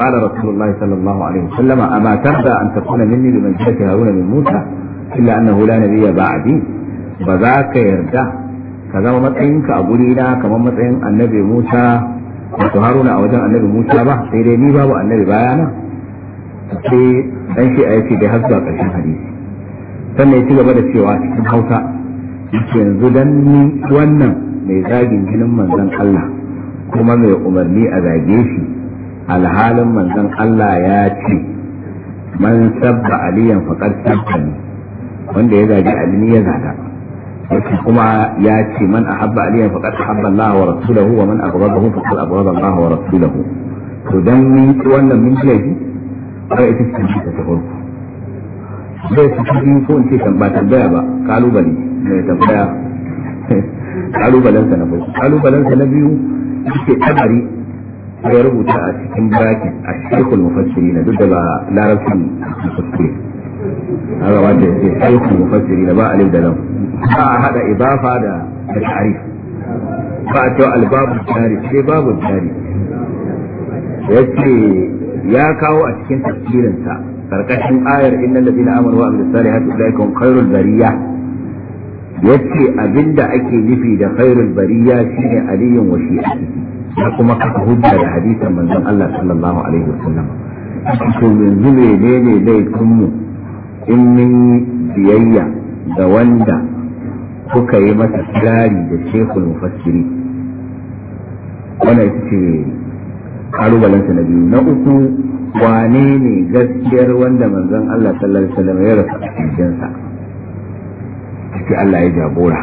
قال رسول الله صلى الله عليه وسلم أما ترضى أن تكون مني بمنزلة هارون من موسى إلا أنه لا نبي بعدي وذاك يرجع ka zama matsayinka a guri na kamar matsayin annabi Musa wato Haruna a wajen annabi Musa ba sai dai ni babu annabi bayana sai dan shi a yake da har zuwa ƙarshen hadisi sannan ya ci gaba da cewa cikin hausa yanzu dan ni wannan mai zagin jinin manzon Allah kuma mai umarni a zage shi alhalin manzon Allah ya ce man sabba aliyan faqad sabbani wanda ya zage alini ya zaga yake kuma ya ce man ahabba aliyan faqad ahabba Allah wa rasulahu wa man abghadahu faqad abghada Allah wa rasulahu to dan ni wannan min laifi ai ita ce ta farko zai su biyu ko in ce ba tambaya ba kalubale mai tambaya kalubalensa na farko kalubalensa na biyu yake tabari ya rubuta a cikin bracket a shekul mufassiri na duk da ba larabcin kuskure an gaba da yake shekul mufassiri na ba alif da lam ba a hada ibafa da ta'arif ba a cewa albabu tari sai babu tari yace ya kawo a cikin tafsirinsa karkashin ayar innal ladina amanu wa amilus salihati ulaika khairul bariya yace abinda ake nufi da khairul bariya shine aliyun wa shi'ati Na kuma kafa hujja da hadisan manzon Allah sallallahu alaihi wasallam to yanzu ne ne laifin mu in min biyayya ga wanda kuka yi masa kirari da shekul mufassiri wannan ita ce kalubalensa na biyu na uku wane ne gaskiyar wanda manzon Allah sallallahu alaihi wasallam ya rasa cikin sa ciki Allah ya jagora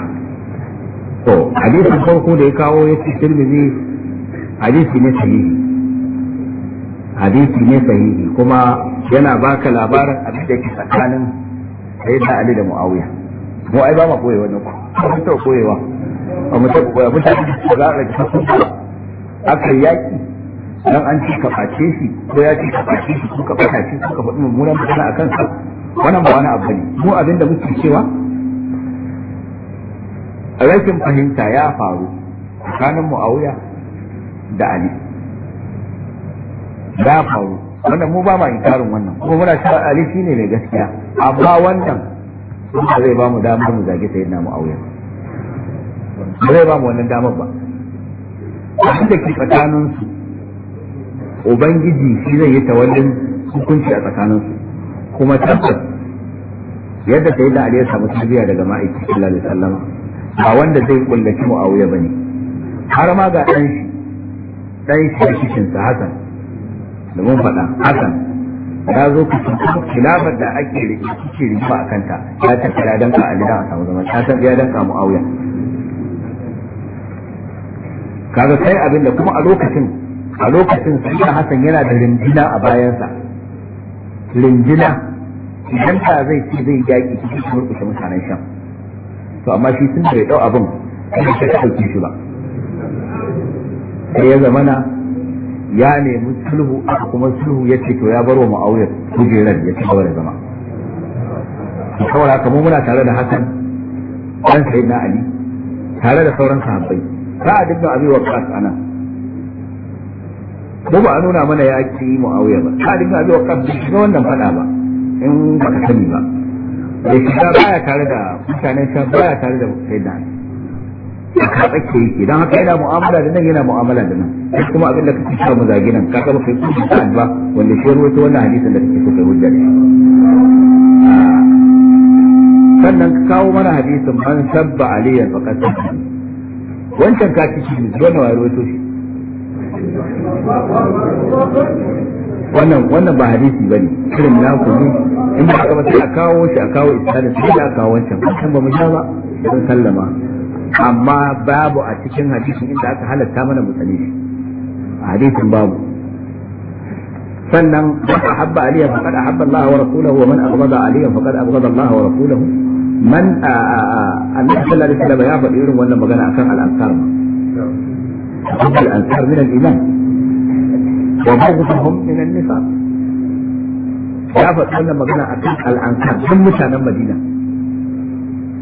to hadisin farko da ya kawo ya ci tirmizi hadisi ne sahihi hadisi ne sahihi kuma yana baka labarin abin da ke tsakanin da Ali da Muawiya mu ai ba ma koyewa wannan ko mu ta koyewa mu ta koyewa mu ta za a rage aka yaki dan an ci ka face shi ko ya ci ka face shi ko ka fata shi ko ka faɗi mummunan magana a kansa wannan ba wani abu ne mu abin da muke cewa rashin fahimta ya faru tsakanin mu'awiya da ali ya faru wannan mu ba ma inkarin wannan kuma muna cewa ali shine mai gaskiya amma wannan ba zai ba mu damar mu zage sayyidina auya ba zai ba mu wannan damar ba A da ke tsakaninsu ubangiji shi zai yi tawallin hukunci a tsakaninsu kuma tabbas yadda sai da Ali ya samu tarbiya daga ma'aiki sallallahu alaihi wasallam ba wanda zai kullaci Muawiya bane har ma ga dan shi dan shi cikin sa Hassan da mun faɗa Hassan ya zo ku khilafar da ake rike cikin rufa a kanta ya tafi dan ka Ali da samu zaman ta san ya dan ka Muawiya kaga sai abinda kuma a lokacin a lokacin sayyidina hasan yana da rindina a bayansa rindina idan ta zai ci zai yaƙi cikin murƙushe mutanen sham to amma shi tun da ya ɗau abin kuma ta ɗauki shi ba sai ya zamana ya nemi sulhu aka kuma sulhu ya ce to ya bar wa ma'auyar kujerar ya ci gaba da zama saboda kamar muna tare da hasan ɗan na ali tare da sauran sahabbai sa'ad abin abi waqqas anan ko ba a nuna mana ya ki muawiya ba sa'ad ibn zuwa waqqas bai shiga wannan fada ba in ka sani ba shi ta baya tare da mutanen sha baya tare da a ka tsake yake don haka yana mu'amala da nan yana mu'amala da nan kuma abin da kake cewa mazagi nan ka saba kai kuma ta ba wanda shi ta wannan hadisin da kake so kai hujja ne sannan ka kawo mana hadisin man sabba aliyan faqat wancan ka ci shi na wayar wato shi wannan wannan ba hadisi bane irin na ku ne in ba ka sai a kawo shi a kawo isnadin sai a kawo wancan kan ba mu sha ba don sallama amma babu a cikin hadisin inda aka halatta mana mu sani shi a hadisin babu sannan wa ahabba aliya faqad ahabba Allah wa rasulahu wa man aghdada aliya faqad aghdada Allah wa rasulahu man annabi sallallahu alaihi wasallam ya faɗi irin wannan magana akan al-ansar al-ansar min al-iman wa ba'dhum min an-nifaq ya faɗi wannan magana akan al-ansar duk mutanen Madina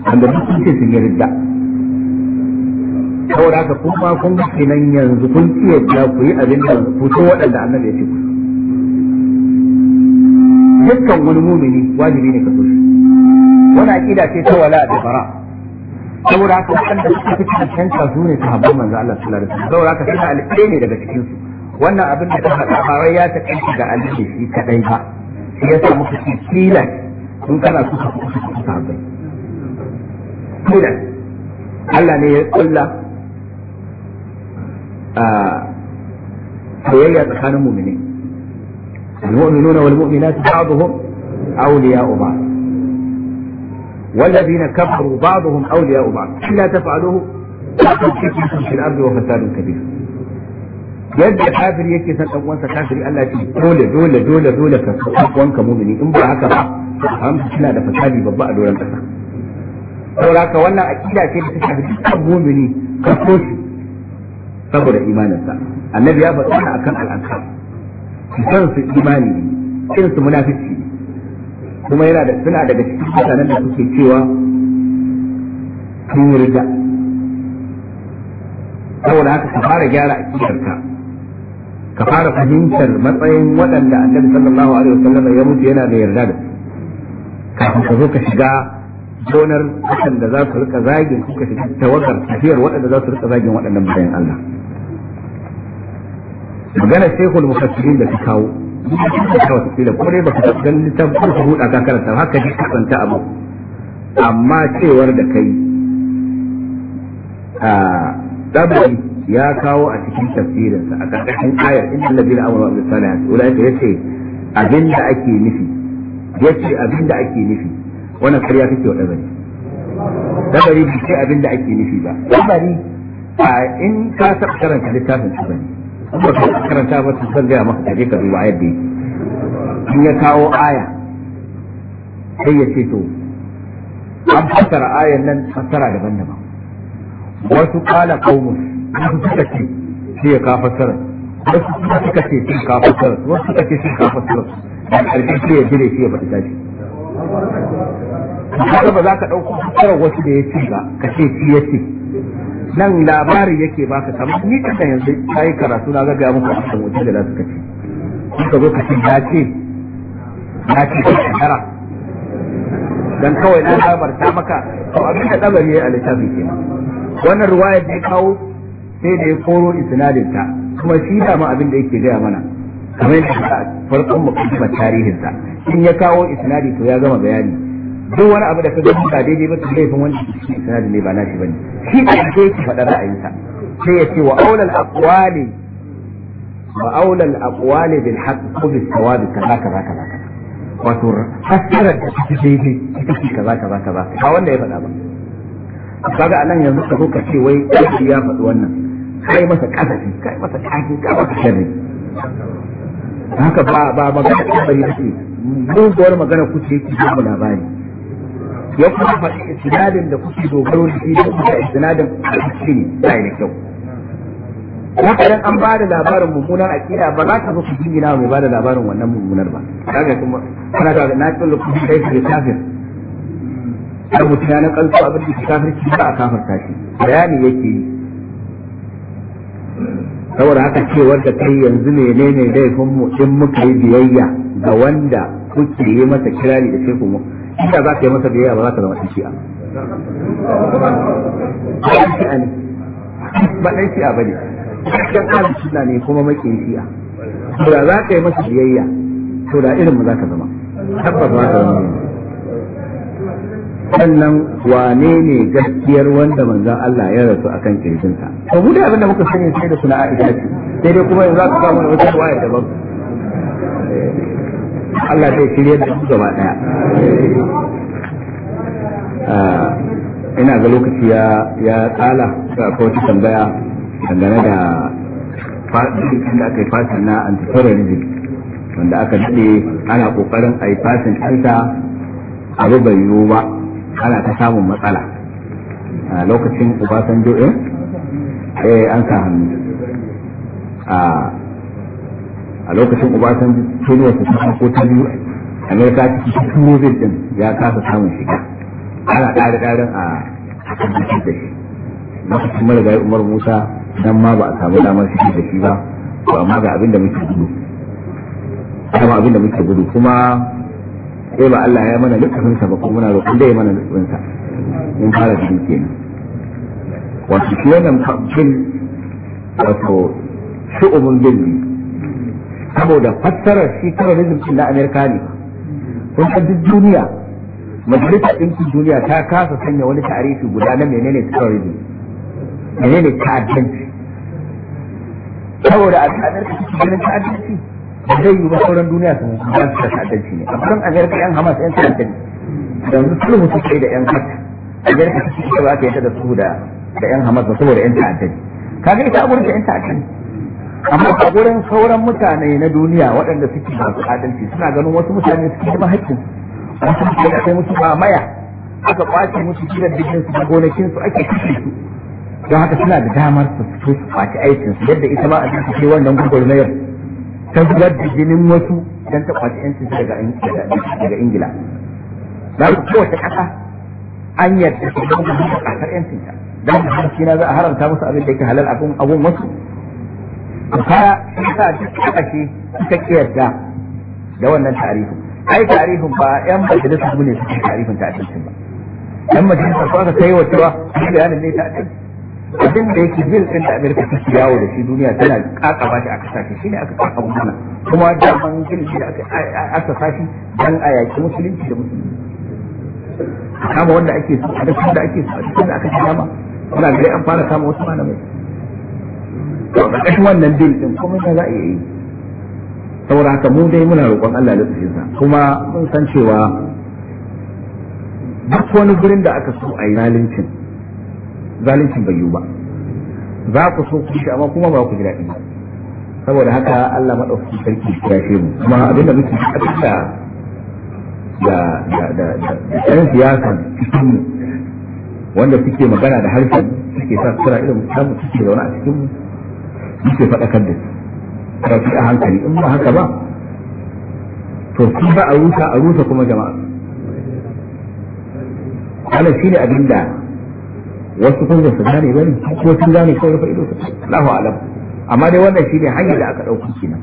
wanda duk sun sun yi ridda saboda haka kun ba kun ga yanzu ku yi da ya ce dukkan wani mumini wajibi ne ka so shi wani aqida ce ta wala da fara. saboda haka waɗanda suka fi cancanta su ne sahabban manzo Allah sallallahu alaihi wasallam saboda haka sai alƙe ne daga cikin su wannan abin da ka faɗa ba wai ya taƙaita ga Ali ne shi kadai ba shi ya samu muka ce tilas in kana so ka kusa ka kusa bai tilas Allah ne ya kulla a soyayya tsakanin mu'minin المؤمنون والمؤمنات بعضهم أولياء بعض والذين كفروا بعضهم أولياء بعض إلا تفعلوه تكن فتنة في الأرض وفساد كبير yadda kafir yake son dan uwansa kafiri Allah ce dole dole dole dole ka san dan uwanka mu'mini in ba haka ba hamsa suna da fasadi babba a doron kasa saboda wannan akida ce da take da dukkan mu'mini ka so shi saboda imaninsa annabi ya faɗa wannan akan al'ankar san su imani kin su munafiki kuma yana da suna daga cikin mutanen da suke cewa sun yi rida saboda haka ka fara gyara akidarka ka fara fahimtar matsayin waɗanda annabi sallallahu alaihi wasallam ya mutu yana da yarda da kafin ka zo ka shiga gonar da za su rika zagin suka shiga tawagar tafiyar waɗanda za su rika zagin waɗannan bayan Allah magana shekul mufassirin da ta kawo ta wata kila ko dai ta san littafin ko huda ka karanta haka ji kasanta abu amma cewar da kai a dabari ya kawo a cikin tafsirinsa a ƙarƙashin ayar inna allazina amanu wa amilus salihati ulaika yace abinda ake nufi yace abinda ake nufi wannan ƙarya kake wa dabari dabari bai ce abinda ake nufi ba dabari a in ka taɓa karanta littafin su bane in ba ka karanta ba su zan gaya maka kaje ka duba ayar da yake in ya kawo aya sai ya ce to an fassara ayar nan fassara daban-daban wasu ƙala qaumun wasu suka ce sai ya kafa sarar wasu suka ce ya kafa sarar wasu suka ce ya kafa sarar da ƙarfi shi ya jire sai ya bata tashi haka ba za ka ɗauko sarar wasu da ya ce ba ka ce shi ya ce nan labarin yake baka kamar ni kasan yanzu ta yi karatu na gaga muku a kan wajen da za su kace suka zo ce ya ce ya ce ta shekara dan kawai na labarta maka to abin da ɗabari ya yi a littafi kenan wannan ruwayar da ya kawo sai da ya koro isnadin ta kuma shi da ma abin da yake gaya mana kamar yadda farkon mukaddimar tarihin sa in ya kawo isnadi to ya gama bayani duk wani abu da ka gani ba daidai ba to laifin wani isnadi ne ba nashi bane shi ne da yake faɗa sa? sai ya ce wa aulal aqwali wa aulal aqwali bil haqq ko bis sawabi kaza kaza kaza wato fassarar da take daidai ita ce kaza kaza kaza ba wanda ya faɗa ba kaga anan yanzu ka zo ka ce wai ya faɗi wannan kai masa kasafi kai masa kaki kai masa sharri haka ba ba magana kabari nake wani magana kuce ki ba labari ya kuma faɗi sinadin da kuke dogaro da shi da kuma isnadin shi ne da kyau haka dan an bada labarin mummunar akida ba za ka zo ku jingina mai bada labarin wannan mummunar ba kaga kuma kana ga na tsallu ku kai ke kafir da mutane kan su abin da kafirci ba a kafirta shi bayani yake yi saboda haka cewar da kai yanzu menene laifin mu in muka yi biyayya ga wanda kuke yi masa kirari da shehu kuma inda za ka yi masa biyayya ba za ka zama shi'a ba ɗan shi'a ba ne kan alin shi'a ne kuma makin shi'a da za ka yi masa biyayya to da irin mu za ka zama tabbas ka zama sannan wane ne gaskiyar wanda manzan Allah ya rasu akan kirjinsa to mu da abin da muka sani sai da suna Aisha ce sai dai kuma yanzu za su samu wata da daban Allah zai shirye da su gaba daya ah, ina ga lokaci ya tsala ga kawai tambaya dangane da fasin da aka yi fasin na antiterrorism wanda aka daɗe ana ƙoƙarin a yi fasin ɗinsa a rubar yiwu ba ana ta samun matsala a lokacin obasanjo jo'in eh? eh an sa hannu a lokacin obasanjo kenya ta samu ko ta biyu amerika ta cikin turizm din ya kasa samun shiga ana ɗari ɗarin a cikin da shi lokacin gari umar musa nan ma ba a samu damar shi da shi ba to amma ga abin da muke gudu kuma abin da muke gudu kuma sai ba Allah ya mana littafin sa ba ko muna roƙon da ya mana littafin sa in fara da kenan wato shi wannan haƙƙin wato shu'ubun billi saboda fassarar shi terrorism din na Amerika ne kun san duk duniya majalisa ɗinkin duniya ta kasa sanya wani tarihi guda na menene terrorism menene ta'addanci saboda a da cikin ganin ta'addanci ba zai yi ba sauran duniya su ba su ta'addanci ne a amerika yan hamas yan ta'addanci yanzu sulhu su kai da yan hamas amerika su ce ba ta da su da da yan hamas ba saboda yan ta'addanci kaga ita da yan ta'addanci amma a gurin sauran mutane na duniya waɗanda suke masu adalci suna ganin wasu mutane suke kuma haƙƙin wasu mutane sai musu mamaya aka kwace musu gidan dikin su da gonakin su ake kashe su don haka suna da damar su fito su kwace aikin su yadda ita ma a cikin wannan gurgurmayar ta zubar da jinin wasu don ta kwaci yanci daga ingila na ku kowace kasa an yadda su don ta hanyar kasar yancin ta don ta hanyar shina za a haramta musu abin da yake halal abin abun wasu a kaya sun sa duk ƙasashe suka kiyarda da wannan tarihin ai tarihin ba yan majalisar mu ne suke tarihin ta a ba yan majalisar ba ka kai wa cewa bayanin ne ta a abin da yake bil din da Amerika take yawo da shi duniya tana kakaba shi a kasashe ne aka kaka mana kuma da man gil shi da aka aka dan a yaki musulunci da musulunci kama wanda ake so a da ake so a cikin da aka ma muna gari an fara kama wasu mai to da kashin wannan bil din kuma ta za a yi saboda haka mu dai muna roƙon Allah da tsafinsa kuma mun san cewa duk wani gurin da aka so a yi zalincin zalunci bai yiwu ba za ku so ku shi amma kuma ba ku ji daɗi ba saboda haka Allah madaukakin sarki ya shi mu kuma abin da muke abin da da da da ɗan siyasa cikin mu wanda suke magana da harshen suke sa sura irin samu suke zaune a cikin mu muke faɗakar da su ba a hankali in ba haka ba to su ba a rusa a rusa kuma jama'a wannan shi abin da wasu kun su gane bane ko sun gane ko rufe ido Allahu alam amma dai wannan shine hanyar da aka dauki kenan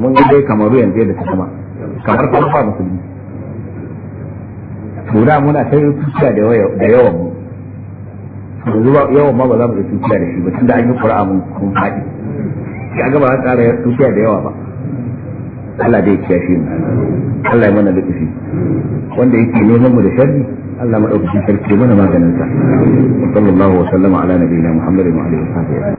mun ga dai kamaru yanzu da kuma kamar kuma ba musulmi tura muna ta yi tuciya da yawan mu yanzu yawan ma ba za mu da tuciya da shi ba tunda an yi qur'a mun kun haɗi ya ga ba za tsara tuciya da yawa ba Allah dai ya kiyashe mu Allah ya mana lutufi wanda yake neman mu da sharri Allah madaukakin sarki mana maganin sa sallallahu wa sallama ala nabiyina muhammadin wa alihi wa sahbihi